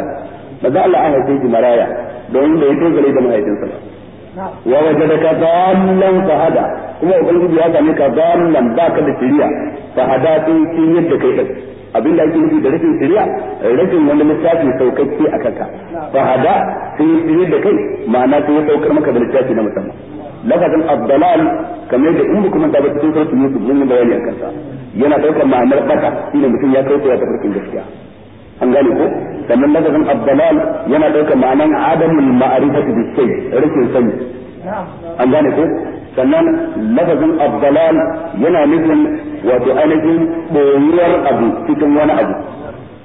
ba za Allah an haife shi maraya don bai yi gare da mahaifinsa ba wa ka dallan fa hada kuma ubangiji ya same ka dallan baka da shiriya fa hada sai ki yadda kai din abin da ake nufi da rashin shiriya rashin wani littafi saukakke a kanka fa hada sai yadda kai ma'ana sai ya saukar maka da littafi na musamman lafazin abdalal kamar da in kuma da cikin sarki Yusuf mun yi bayani akan sa yana daukar ma'anar baka shine mutum ya kai ya tafarkin gaskiya an gane ko sannan lafazin abdalal yana daukar ma'anar adamul ma'rifati bi shay rikin sani an gane ko sannan lafazin abdalal yana nufin wato ainihin boyuwar abu cikin wani abu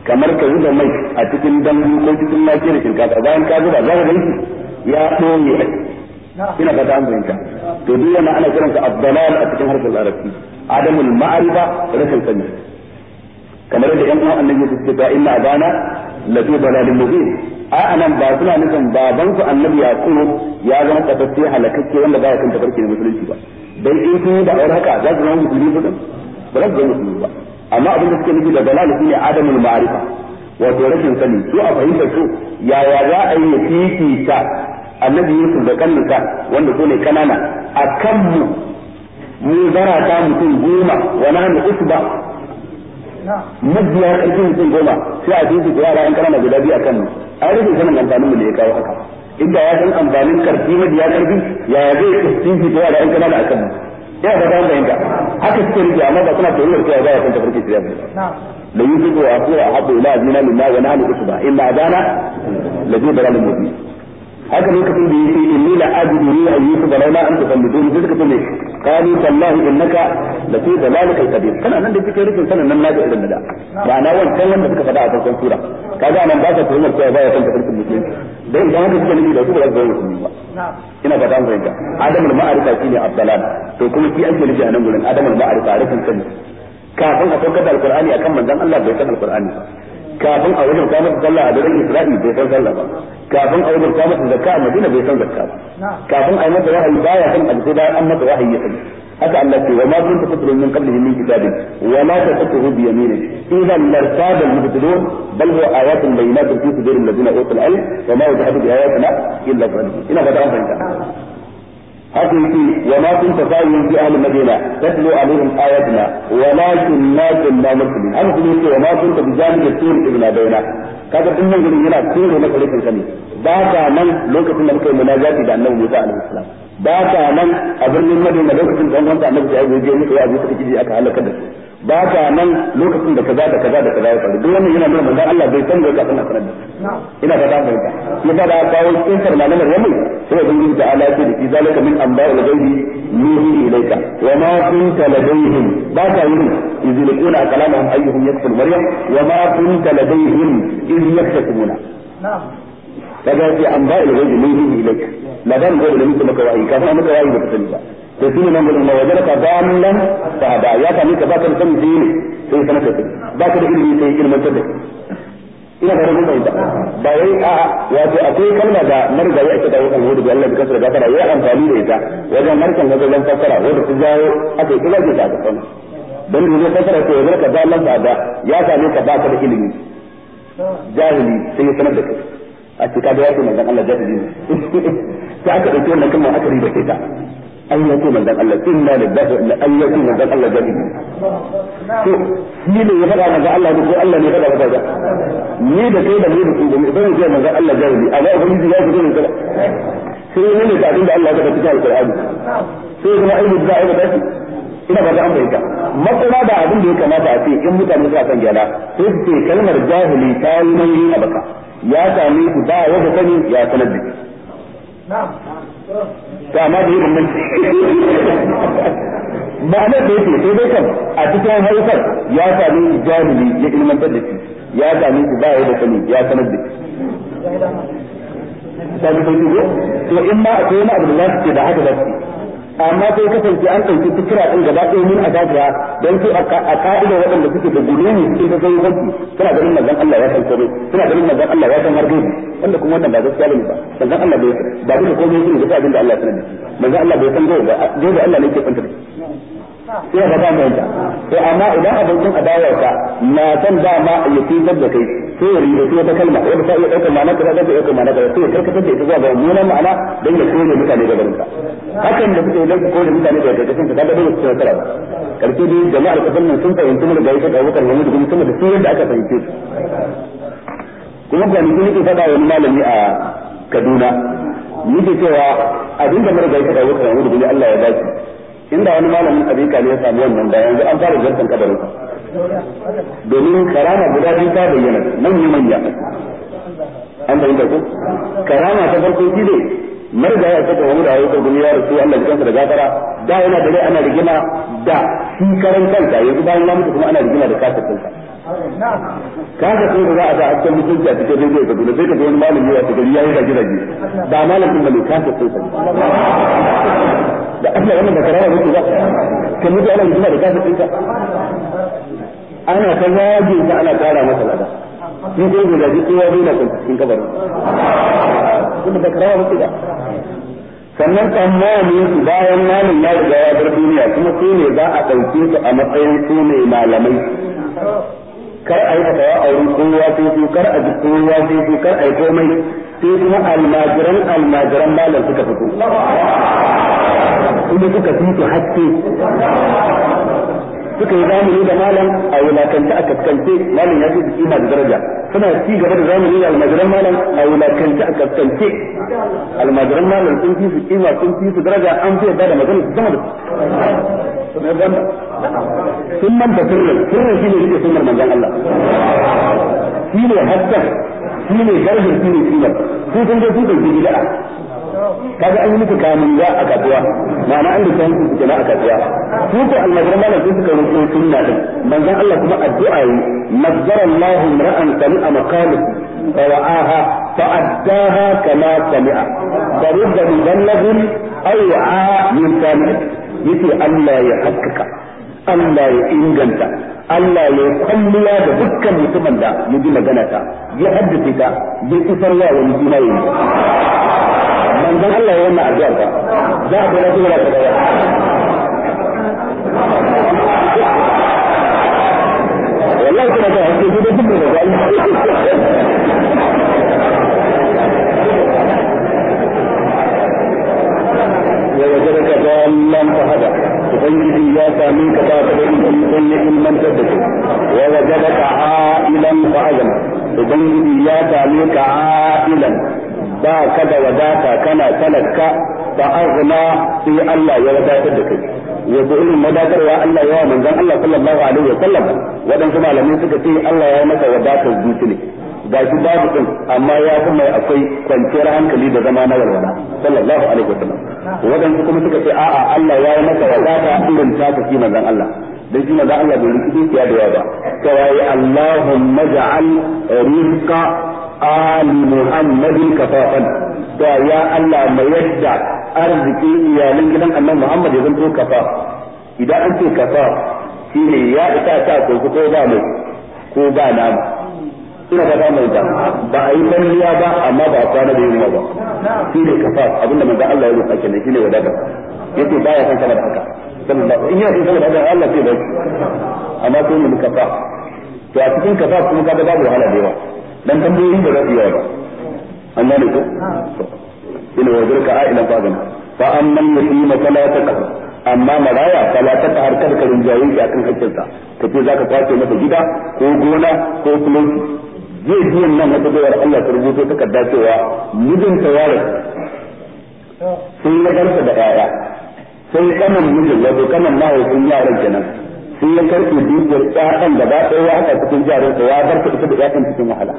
kamar ka zuba mai a cikin dambu ko cikin lafiyar shinkafa bayan ka zuba za ka ganshi ya ɗoye ina ga dan bayyana to duk ma ana kiransa abdalal a cikin harshen larabci adamul ma'arifa rashin sani kamar da yan uwan annabi ce cewa inna la lafi dalalin mubin a anan ba suna nufin baban su annabi yaqub ya zama tabbace halakakke wanda ba ya kanta tabarki ne musulunci ba dan in kun da aure haka za su zama musulmi ba ba za ku zama musulmi ba amma abin da suke nufi da dalal ne adamul ma'arifa wato rashin sani su a fahimtar su yaya za a yi fifita annabi Yusuf da kanninka wanda su ne kanana a kanmu mu zarata mutum goma wa na nahnu usba mabiya karfin mutum goma sai a jinsu da yara an kanana guda biyu a kanmu a rage sanin amfanin mu da ya kawo haka inda ya san amfanin karfi mabiya karfi ya zai jinsu da yara an kanana a kanmu yana da bayan bayanta haka suke rike amma ba suna tsoron cewa za a san tafarki su yafi la yusufu wa akura habbu ila azmina mimma wa na nahnu usba illa adana la da lil mubin haka lokacin da yake inni la ajidu ni ayyuka da laula an tusallidu ni suka tune qali wallahi innaka la fi dalalika qadim kana nan da cikin rikin sanan nan naka irin da ba na wancan wanda suka faɗa a farkon sura kaga nan ba ka tuhumar cewa baya kan tafarkin musulunci dan idan haka suka nufi da su ba zai su zama musulmi ba ina ba dan fahimta adamul ma'arifa shine abdalan to kuma shi ake nufi a nan gurin adamul ma'arifa rikin sani kafin a saukar da alqur'ani akan manzon Allah bai san alqur'ani ba kafin a wajen kamar sallah a daren isra'i bai san sallah ba kafin a wajen kamar zakka a madina bai san zakka ba kafin a yi masa wahayi baya san abu sai bayan an masa wahayi ya sani haka Allah ce wa ma kunta tatlu min qablihi min kitabin wa la tatluhu bi yaminik idan lartaba al-mubtilun bal huwa ayatun bayinatun fi sudur alladhina utul ilm wa ma yajhadu bi ayatina illa zalim ina fata an fahimta haka yake wa ma kunta fa'ilun fi ahli madina tatlu alaihim ayatina walakinna kunna muslimin haka kuma yake wa ma kunta bi da tur ibn bayna kaga din nan gurin yana tura na maka rikin sani ba ka nan lokacin da muka yi munajati da annabi Musa alaihi salam ba ka nan a birnin Madina lokacin da annabi Musa alaihi salam ya je muka yi abu suka kiji aka halaka da su ba ka nan lokacin da kaza da kaza da kaza ya faru duk wannan yana nuna manzon Allah bai san da kafin a sanar da ina ga dan barka ya da kawo kisar malamar yamu sai ya dinga ta ala ce da fi zalika min amba'il ghaibi yuhi ilayka wa ma kunta ladayhim ba ka yi izlikuna kalamahum ayyuhum yakful maryam wa ma kunta ladayhim iz yaktasumuna kaga sai amba'il ghaibi yuhi ilayka ladan gobe da muke maka wa'i kafin maka wa'i da ka sani ba to shine nan gudun da wajen ka dallan sahaba ya sami ka baka da sani sai ne sai sanar da ba ka da ilimi sai ilmantar da ina da rubun fahimta ba wai a wato akwai kalma da marigayi ake da wakan hudu da Allah da kasar gafara ya amfani da ita wajen markan gazallan fassara wanda su jawo aka yi kula da ta ga sama dan da fassara to wajen ka dallan sahaba ya sami ka baka da ilimi jahili sai ya sanar da kai a cikin da yake manzon Allah jahili ne sai aka dauke wannan kalma aka riba kai ta an yanko manzon Allah inna lillahi wa an yanko manzon Allah jadi to ni ne ya faɗa manzon Allah ko Allah ne ya faɗa maka ni da kai da ni da ku da ban ji manzon Allah jadi amma ubangiji ya fito ne ba sai ne ne da abin da Allah ya faɗa cikin alqur'ani sai kuma ai da ai da ina ba ta amfani ka matsala da abin da ya kamata a ce in mutane suna son gyara sai su ce kalmar jahili ta yi nauyi na baka ya same ku ba wanda sani ya sanar da to amma da yin nan ma'anar da yake sai dai kan a cikin haifar ya sami jahili ya ilmantar da shi ya sami shi ba ya da sani ya sanar da shi sami sai to in ma akwai wani abu da za su ce da haka za su amma sai kasance an ɗauki fikira ɗin gaba ɗaya mun a dajiya don sai a ka'ida waɗanda suke da ne sai da zai wanki suna ganin manzon Allah ya san komai suna ganin manzon Allah ya san harbe wanda kuma wannan ba gaskiya bane ba manzon Allah bai ba duka komai yake da abin da Allah ya sanar da shi manzon Allah bai san gaba gaba Allah ne ke fanta sai shi sai ba mai ta to amma idan abokin adawarka na san dama ya fi da kai sai ya rubuta wata kalma wanda ta iya ɗaukar ma'ana ta ɗaukar ɗaukar ma'ana ta sai ya karkatar da ita zuwa ga mummunan ma'ana don ya kore mutane da garinsa hakan da suke yi don su kore mutane da karkashin su kaga dole su tsara ba karshe dai jama'ar kasan nan sun fahimci mun da yake da wakar wani dukkan sama da su yadda aka fahimce su kuma ga ni nake faɗa wani malami a Kaduna nake cewa abinda mun da yake da wakar wani dukkan Allah ya dace inda wani malamin abin kale ya samu wannan da yanzu an fara jantan kabarin domin karama guda biyu ta bayyana manya manya an bayyana ku karama ta farko shi ne marga ya saka wani da ayyukan duniya da su Allah jikansa da gafara da yana da rai ana rigima da shi karan kanta yanzu bayan ya mutu kuma ana rigima da kasar kanka kaga sai da za a ga a cikin mutunci a cikin rediyo ka dole sai ka ga wani malami ya ta gari yi rage rage ba malamin bane ka ta sai da Allah wannan da karawa yake ba kan mutu ana rigima da kasar kanka ana ta zagin ta ana kara masa lada sun kai guda ji kowa dai na cikin kabar kuma da kara mutu da sannan tsammani su bayan namun ya riga ya bar duniya kuma su ne za a ɗauke su a matsayin su ne malamai kar a yi fatawa a wurin kowa sai su kar a ji kowa sai su kar a yi komai sai kuma almajiran almajiran malam suka fito kuma suka fito haske suka yi zamani da malam a wulakance a kaskance malam ya fi kima da daraja suna ci gaba da zamani da almajiran malam a wulakance a kaskance almajiran malam sun fi su kima sun fi su daraja an fi ba da magana su sama da sun man da sirrin sirrin shi ne suke sunnar manzon Allah shi ne hassan shi ne garhin shi ne kimar su sun je su ɗauki bid'a kaga an yi muku kamun za a kasuwa ma'ana an rike muku su kenan a kasuwa su ko almajiran malam sun suka rike sunna din manzon Allah kuma addu'a yi nazarallahu ra'an sami'a maqalahu فوعاها فأداها كما سمع فرد مبلغ أوعى من سامع yace Allah ya haskaka Allah ya inganta Allah ya kwalliya da dukkan mutumin da ya ji magana ta ya haddace ta ya isarwa wani juna yayi من ذا الله هو معجزة ذهب إلى دولة والله كنا ذهب في دولة دولة ووجدك ضالا إياك منك فاتبعك من كل من تدك ووجدك عائلا فأجمع تغيب إياك منك عائلا ba ka da wadata kana talaka fa aghna sai Allah ya wadatar da kai yanzu irin wadatarwa Allah ya wa manzon Allah sallallahu alaihi wa sallam wadansu malamai suka ce Allah ya masa wadatar zuci ne ga shi babu din amma ya fi mai akwai kwanciyar hankali da zama na walwala sallallahu alaihi wa sallam wadansu kuma suka ce a'a Allah ya yi masa wadata irin ta ka kafi manzon Allah dan shi manzon Allah bai rikici ya da yawa ba cewa Allahumma ja'al rizqa ali muhammadin kafafan to ya Allah mai yadda arziki iyalan gidan annan Muhammad ya zanto kafa idan an ce kafa shine ya isa ta ko ko ba mai ko ba namu ina ga mai da ba a yi lalliya ba amma ba a kwana da yunwa ba shine kafa abinda manzo Allah ya roƙa kenan shine wadaka yace ya san sama da haka sallallahu in yana san sama da haka Allah sai ba amma sai mu kafa to a cikin kafa kuma kaga babu wahala da yawa dan tambayoyin da za su yi ba an gane ko ina wajen ka a ina fagana fa amman yasima fala taqfa amma maraya fala ta har kada ka rinjaye shi akan hakkinsa kace zaka kwace masa gida ko gona ko kulunci zai biyan nan wata bayar Allah ta rubuto kadda cewa mijinta yaro sun ya garsa da yaya sai kanan mijin wato kanan mahaifin yaran kenan sai ya karɓe dukiyar ƴaƴan da ba ɗaya ya haka cikin jarin ya bar ta ita da ƴaƴan cikin wahala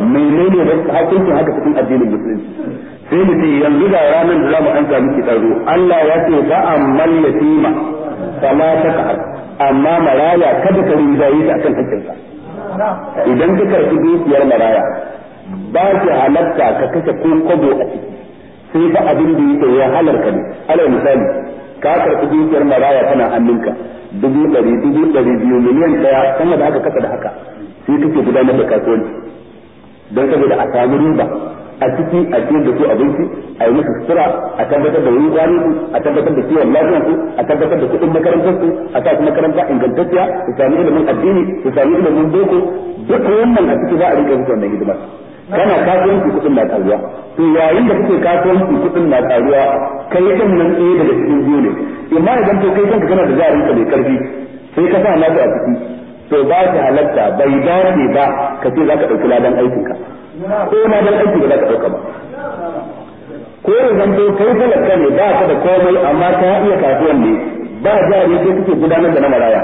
menene ba hukuncin haka cikin addinin musulunci sai mu ce yanzu da ranar da zamu an samu ki tsaro Allah ya ce ba ammal yatima fala taqhar amma maraya kada ka yi ta akan hakkinsa idan ka karɓi dukiyar maraya ba ki halatta ka kashe ko kobo a ciki sai ba abin da yake ya halarka ne alal misali ka karɓi dukiyar maraya tana hannunka dubu ɗari dubu ɗari biyu miliyan ɗaya sama da haka kasa da haka sai kake gudanar da kasuwanci don saboda a samu riba a ciki a ciyar da su abinci a yi musu sutura a tabbatar da wurin kwari a tabbatar da kiwon lafiyar su a tabbatar da kuɗin makarantar su a sa su makaranta ingantacciya su sami ilimin addini su sami ilimin boko duk wannan a ciki za a rika musu wannan hidimar kana kasuwanci kuɗin na karuwa to yayin da kuke kasuwanci kuɗin na karuwa kai din nan ɗaya eh daga cikin biyu ne imma idan to kai kanka kana da jarin ka mai karfi sai ka sa naka a ciki to ba ta halatta bai dace ba ka ce za ka ɗauki ladan ka ko dan aiki ba za ka ɗauka ba ko ya zanto kai talaka ne ba ka da komai amma ka iya kasuwan ne ba jari sai kuke gudanar da na maraya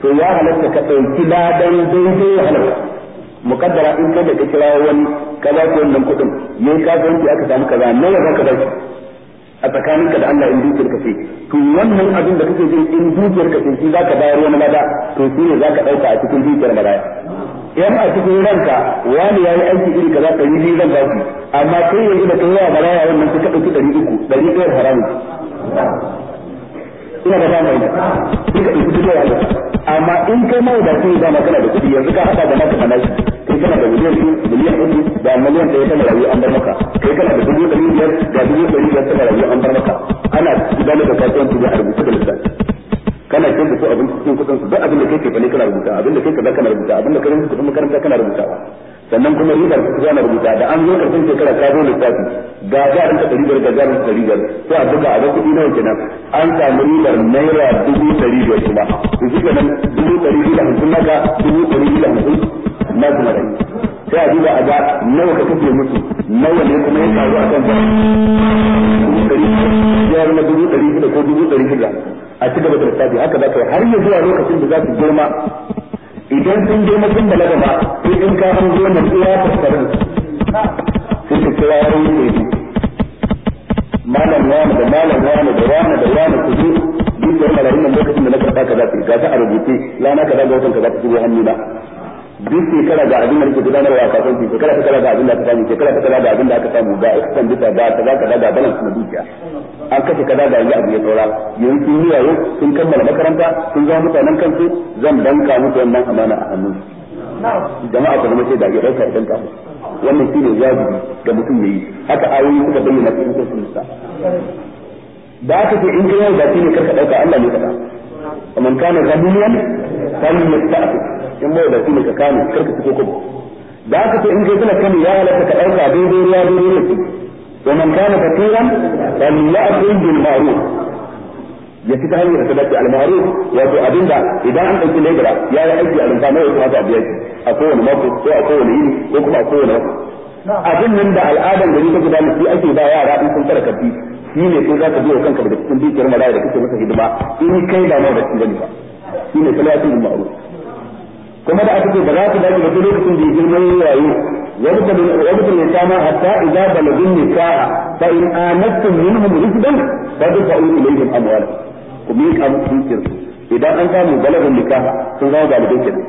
to ya halatta ka ɗauki ladan daidai ya halatta mukaddara in kai da ka kira wani ka ba shi wannan kuɗin ga kasuwanci aka samu kaza nawa za ka ba a a tsakaninka da Allah in dukiyar ka ce to wannan abin da kake jin in dukiyar ka ce shi zaka bayar wani mada to shi ne zaka dauka a cikin dukiyar maza yan a cikin ranka wani yayi aiki iri kaza yi ni zan ba shi amma kai yanzu da kai yawa maraya wannan ka dauki ɗari uku ɗari ɗaya haramun ina da dama ita ka ka ɗauki Allah amma in kai mawadaci ne dama kana da kuɗi yanzu ka haɗa da naka da kai kana da miliyan biyu miliyan uku da miliyan ɗaya tana rayuwa an bar maka kai kana da dubu ɗari biyar da dubu ɗari biyar tana rayuwa an bar maka ana gudanar da kasuwanci ne a rubuce da lissafi kana cin da su abinci cikin kusan su duk abin da kai ke fane kana rubuta abin da kai kaza kana rubuta abin da kai kuɗin makaranta kana rubutawa sannan kuma ribar ka kana rubuta da an zo karfin shekara ka zo lissafi ga jarin ka ɗari biyar ga jarin ka ɗari biyar to a duka a ga kuɗi nawa kenan an samu ribar naira dubu ɗari biyar kuma to shi kenan dubu ɗari biyu da hamsin naka dubu ɗari biyu da hamsin na kuma rai sai a duba a ga nawa ka kake musu nawa ne kuma ya faru a kan ba dubu ɗari biyar na dubu ɗari biyar ko dubu ɗari biyar a ci gaba da lissafi to haka za har ya zuwa lokacin da za su girma idan sun girma sun ba sai in ka na kira yi malam wani da malam wani da wani da wani ku zo duk da lokacin da na karɓa ka za su yi a rubuce lana ka watan ka za hannu na duk shekara ga abin da ake gudanarwa a kasuwanci shekara ta kala ga abin da aka samu shekara ta kala ga abin da aka samu ga ikon bisa ga kaza kaza ga balance na dukiya an kashe kaza ga yanzu abu ya saura yanzu sun yi yayo sun kammala makaranta sun zama mutanen kansu zan danka musu wannan amana a hannun jama'a ku zama shaida ya dauka idan ka wannan shi ne wajibi ga mutum yayi haka ayoyi suka bayyana cikin suratul nisa da aka ce in kai ba shi ne karka ɗauka Allah ne kada man kana ghaniyan falyasta'fif in mai da ne ka kame kar ka fito kuma da aka ce in kai kana kani ya halatta ka ɗauka daidai ruwa daidai ne wa man kana fatiran falyakun bil ma'ruf ya fita hanyar ta dace al ma'ruf wato abinda idan an dauki lebura ya yi aiki a rumfa mai kuma ta biya a kowane mako ko a kowane yini ko kuma a kowane abin nan da al'adar gari ta gudanar shi ake ba yara in sun tsara kafi shi ne sai za ka biyo kanka daga cikin dukiyar malaya da kake masa hidima in kai ba mawa da cikin gani ba shi ne salatin ma'ruf kuma da aka ce ba za su dace ba lokacin da ya girma ya yayi yabta ne sama hatta idza balagun nikaha fa in amantum minhum rizqan fadfa'u ilayhim amwal ku bi amsukir idan an samu balagun nikaha sun zama galibin kenan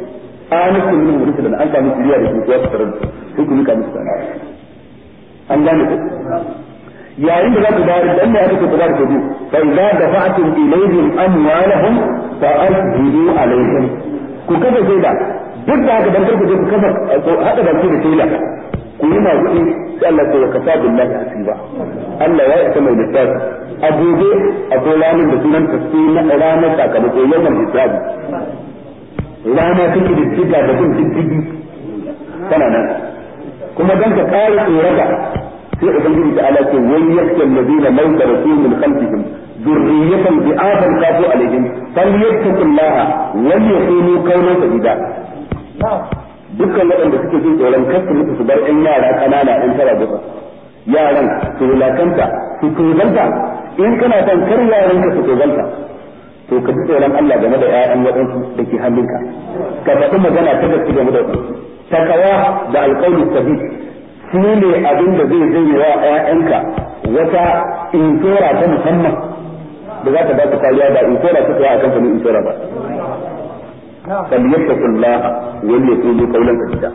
amantum minhum rizqan an samu shiriya da kuma su tarar su ku mika musu an gane ku yayin da za ku bayar dan ne aka ce ku bayar ku fa idza dafa'tum ilayhim amwalahum fa asbiru alayhim ku kafa shaida duk da haka dan karku je ku kafa ku hada baki da shaida ku yi ma kuɗi sai Allah ya kafa billahi asiba Allah ya isa mai lissafi a gobe akwai ranar da sunan tafsiri na ranar sakamako yawan hisabi rana take da tsika da bin diddigi tana nan kuma dan ka kare tsorata sai ubangiji ta ala ce wani yakin ladina mauta rasulun khalfihim ذرية بآخر كافوا عليهم فليتقوا الله وليقولوا قولا سديدا dukkan waɗanda suke jin tsoron kasta musu su bar 'yan yara ƙanana 'yan tara duka yaran su wulakanta su tozanta in kana son kar yaranka su tozanta to ka ji tsoron Allah game da ƴaƴan waɗansu da ke hannunka ka faɗi magana ta gaske game da waɗansu takawa da alƙawli sabi su ne abin da zai zai wa ƴaƴanka wata intora ta musamman da za ta ba su kariya ba insura suka yi a kamfanin insura ba falyattakullah wal yaqulu ka sadida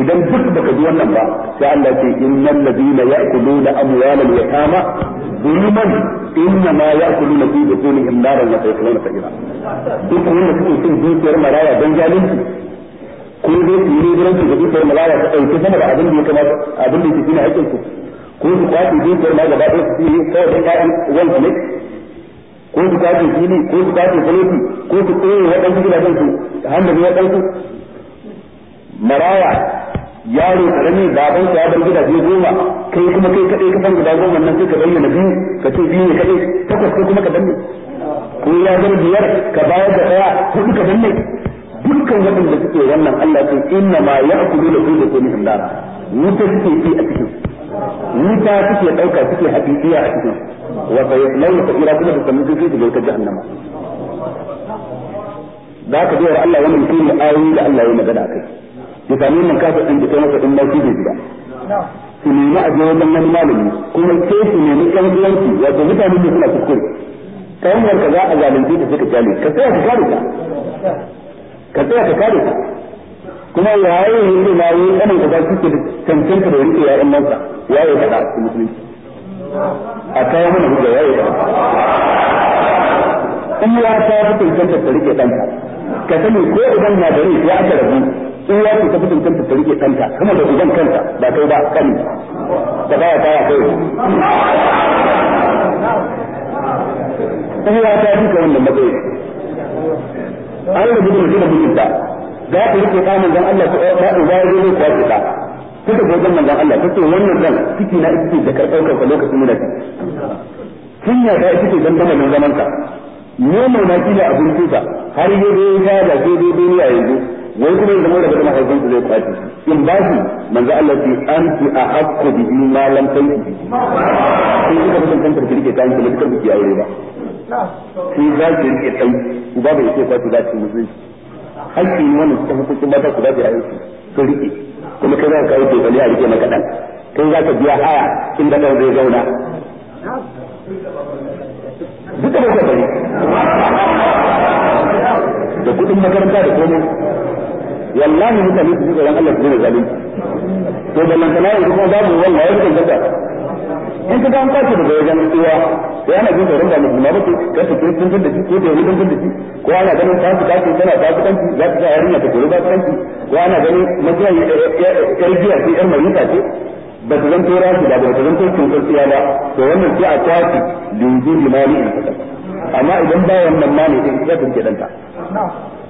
idan duk ka ji wannan ba sai Allah ce innal amuwa ya'kuluna amwalal yatama in na ma ya'kuluna na butunihim naran wa sayasla sa'ira duk wanda suke cin dukiyar maraya dan zalunci ko dai su yi gidan su dukiyar maraya ta dauki sama da abin da ya kamata abin da yake cikin hakkin ku ko su kwace dukiyar ma gaba ɗaya su yi kawai dan ƴaƴan wanda ne ko su kace fili ko su kace fuloti ko su tsoye waɗansu gidajen su handa ya waɗansu maraya yaro karami baban sa ya bar biyu goma kai kuma kai kaɗai ka san gida goma nan sai ka bayyana biyu ka ce biyu ne kadai takwas kai kuma ka danne ko ya zama biyar ka bayar da ɗaya hudu ka danne dukkan waɗanda suke wannan Allah ce inna ma ya'kulu lahu da kullu hinda wuta suke ci a cikin wuta suke dauka suke haɗiɗiya a cikin wa fa ta sa'ira kuma da sanin sun shiga ta jahannama da ka biyar Allah wannan shi ne ayoyi da Allah ya magana kai ya sami mun kafa din da kai masa din bauki da gida su nemi a je wajen malami kuma ke su nemi ɗan uwanki wato mutane da suna kuskure ta hanyar ka za a zalunce ta suka kyale ka tsaya ka kare ka. ka tsaya ka kare ka. kuma yayi yanzu na yi ɗanin da suke da tantance da rike ya'yan mansa waye faɗa da cikin musulunci a kawo mana hujja waye faɗa in ya ta fi cancanta da rike dan ka sani ko idan na da ya aka rabu in ya ta fi cancanta da rike ka kuma da idan kanta ba kai ba kani ka ta ya kai in ya ta fi ka wannan matsayi an gudu da mutum da mutunta za ta rike ka manzon Allah ko ta da ya zo ko ta suka ga manzon Allah kace wannan dan kiki na ita da ka daukar ka lokacin mu da kinya da ita dan da manzon zaman ka ne mai na kila abun tuka har yi dai ya da ke dai duniya yanzu wai kuma yanzu mai da kuma haifin su zai kwaci in ba shi manzo Allah ce anti a hakku bi ma lam tanki sai kika ba san tantar kirke ta yanzu kika buki aure ba sai za ki rike tsayi uba bai ce kwaci za ki musulunci hakki ne wannan cikin hukuncin mata ku ba su rayu su rike kuma kai za ka kawo tefali a rike maka dan kai za ka biya haya da kan zai zauna duk da ka bari da kudin makaranta da komai wallahi mutane su ji ran Allah su ne zalunci to da lantana yanzu kuma babu wallahi ya kanta in ka an daga wajen kowa sai ana jin tsoron da ba ce kar ta kiristin da shi ko da yahudan da shi ko ana ganin ta fita ce tana ta za ta sa yarinya ta koyi ba ko ana ganin makiyayi yar giya ce yar marita ce ba ta zanto rashi ba ba ta zanto ba to wannan sai a kwace linzu limani in kasar amma idan ba wannan ma ne sai ya tunke danta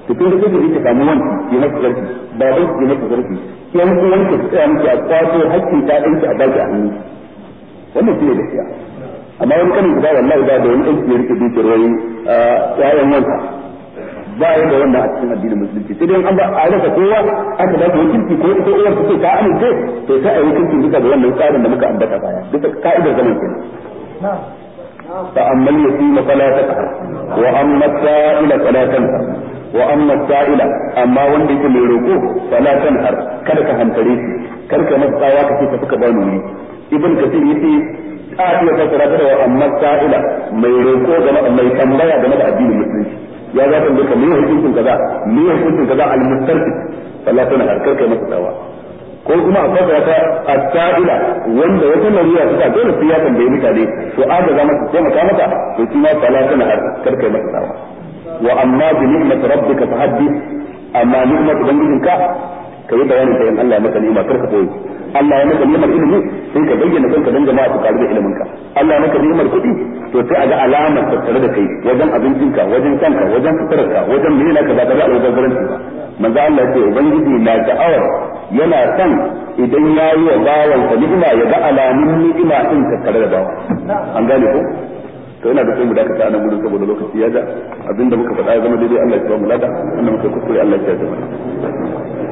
to kun da kuke da samu yi masa zarfi ba zai yi masa zarfi yan uwanka ta tsaya miki a kwato hakkin ta a baki a hannu wannan shine gaskiya amma wani kanin guda wallahi ba da wani aiki ya rike dukiyar wani ƴaƴan wanka ba ya da a cikin addinin musulunci sai dai an ba a rasa kowa aka ba shi kirki ko ita uwar ta ce ta amince to sai a yi kirki duka da wannan tsarin da muka ambata baya duka ka'idar zaman kenan فأما اليتيم فلا تقهر وأما السائل فلا تنهر وأما السائل أما وندك من فلا تنهر كرك هنتريسي كرك مبقاياك في تفك بانوني ibn kathir yace a iya fassara ta da amma sa'ila mai roƙo ga mai tambaya game da addinin musulunci ya za ta duka me hukuncin kaza me hukuncin kaza al-mustarfi sallah tana harkar kai masa dawa ko kuma a fassara ta as-sa'ila wanda wata mariya ta dole sai ya tambaye mutane to a da zama ko maka maka to kuma sallah tana harkar kai masa dawa wa amma bi ni'mat rabbika fahaddith amma ni'mat ubangijinka kai bayanin da Allah maka ni'ima karka koyi Allah ya maka ni'imar ilimi sai ka bayyana kanka dan jama'a su karu da ilimin ka Allah ya maka ni'imar kuɗi to sai a ga alamar tattare da kai wajen abincinka wajen kanka wajen suturarka wajen mene naka ba tare da albazaranci ba manzo Allah ya ce ubangiji na da'awar yana son idan ya yi wa bawansa ni'ima ya ga alamun ni'ima din tattare da bawa an gane ko to ina da sai mu dakata anan gudun saboda lokaci ya da abinda muka faɗa ya zama daidai Allah ya ba mu lada annabi sai kuskure Allah ya ji mana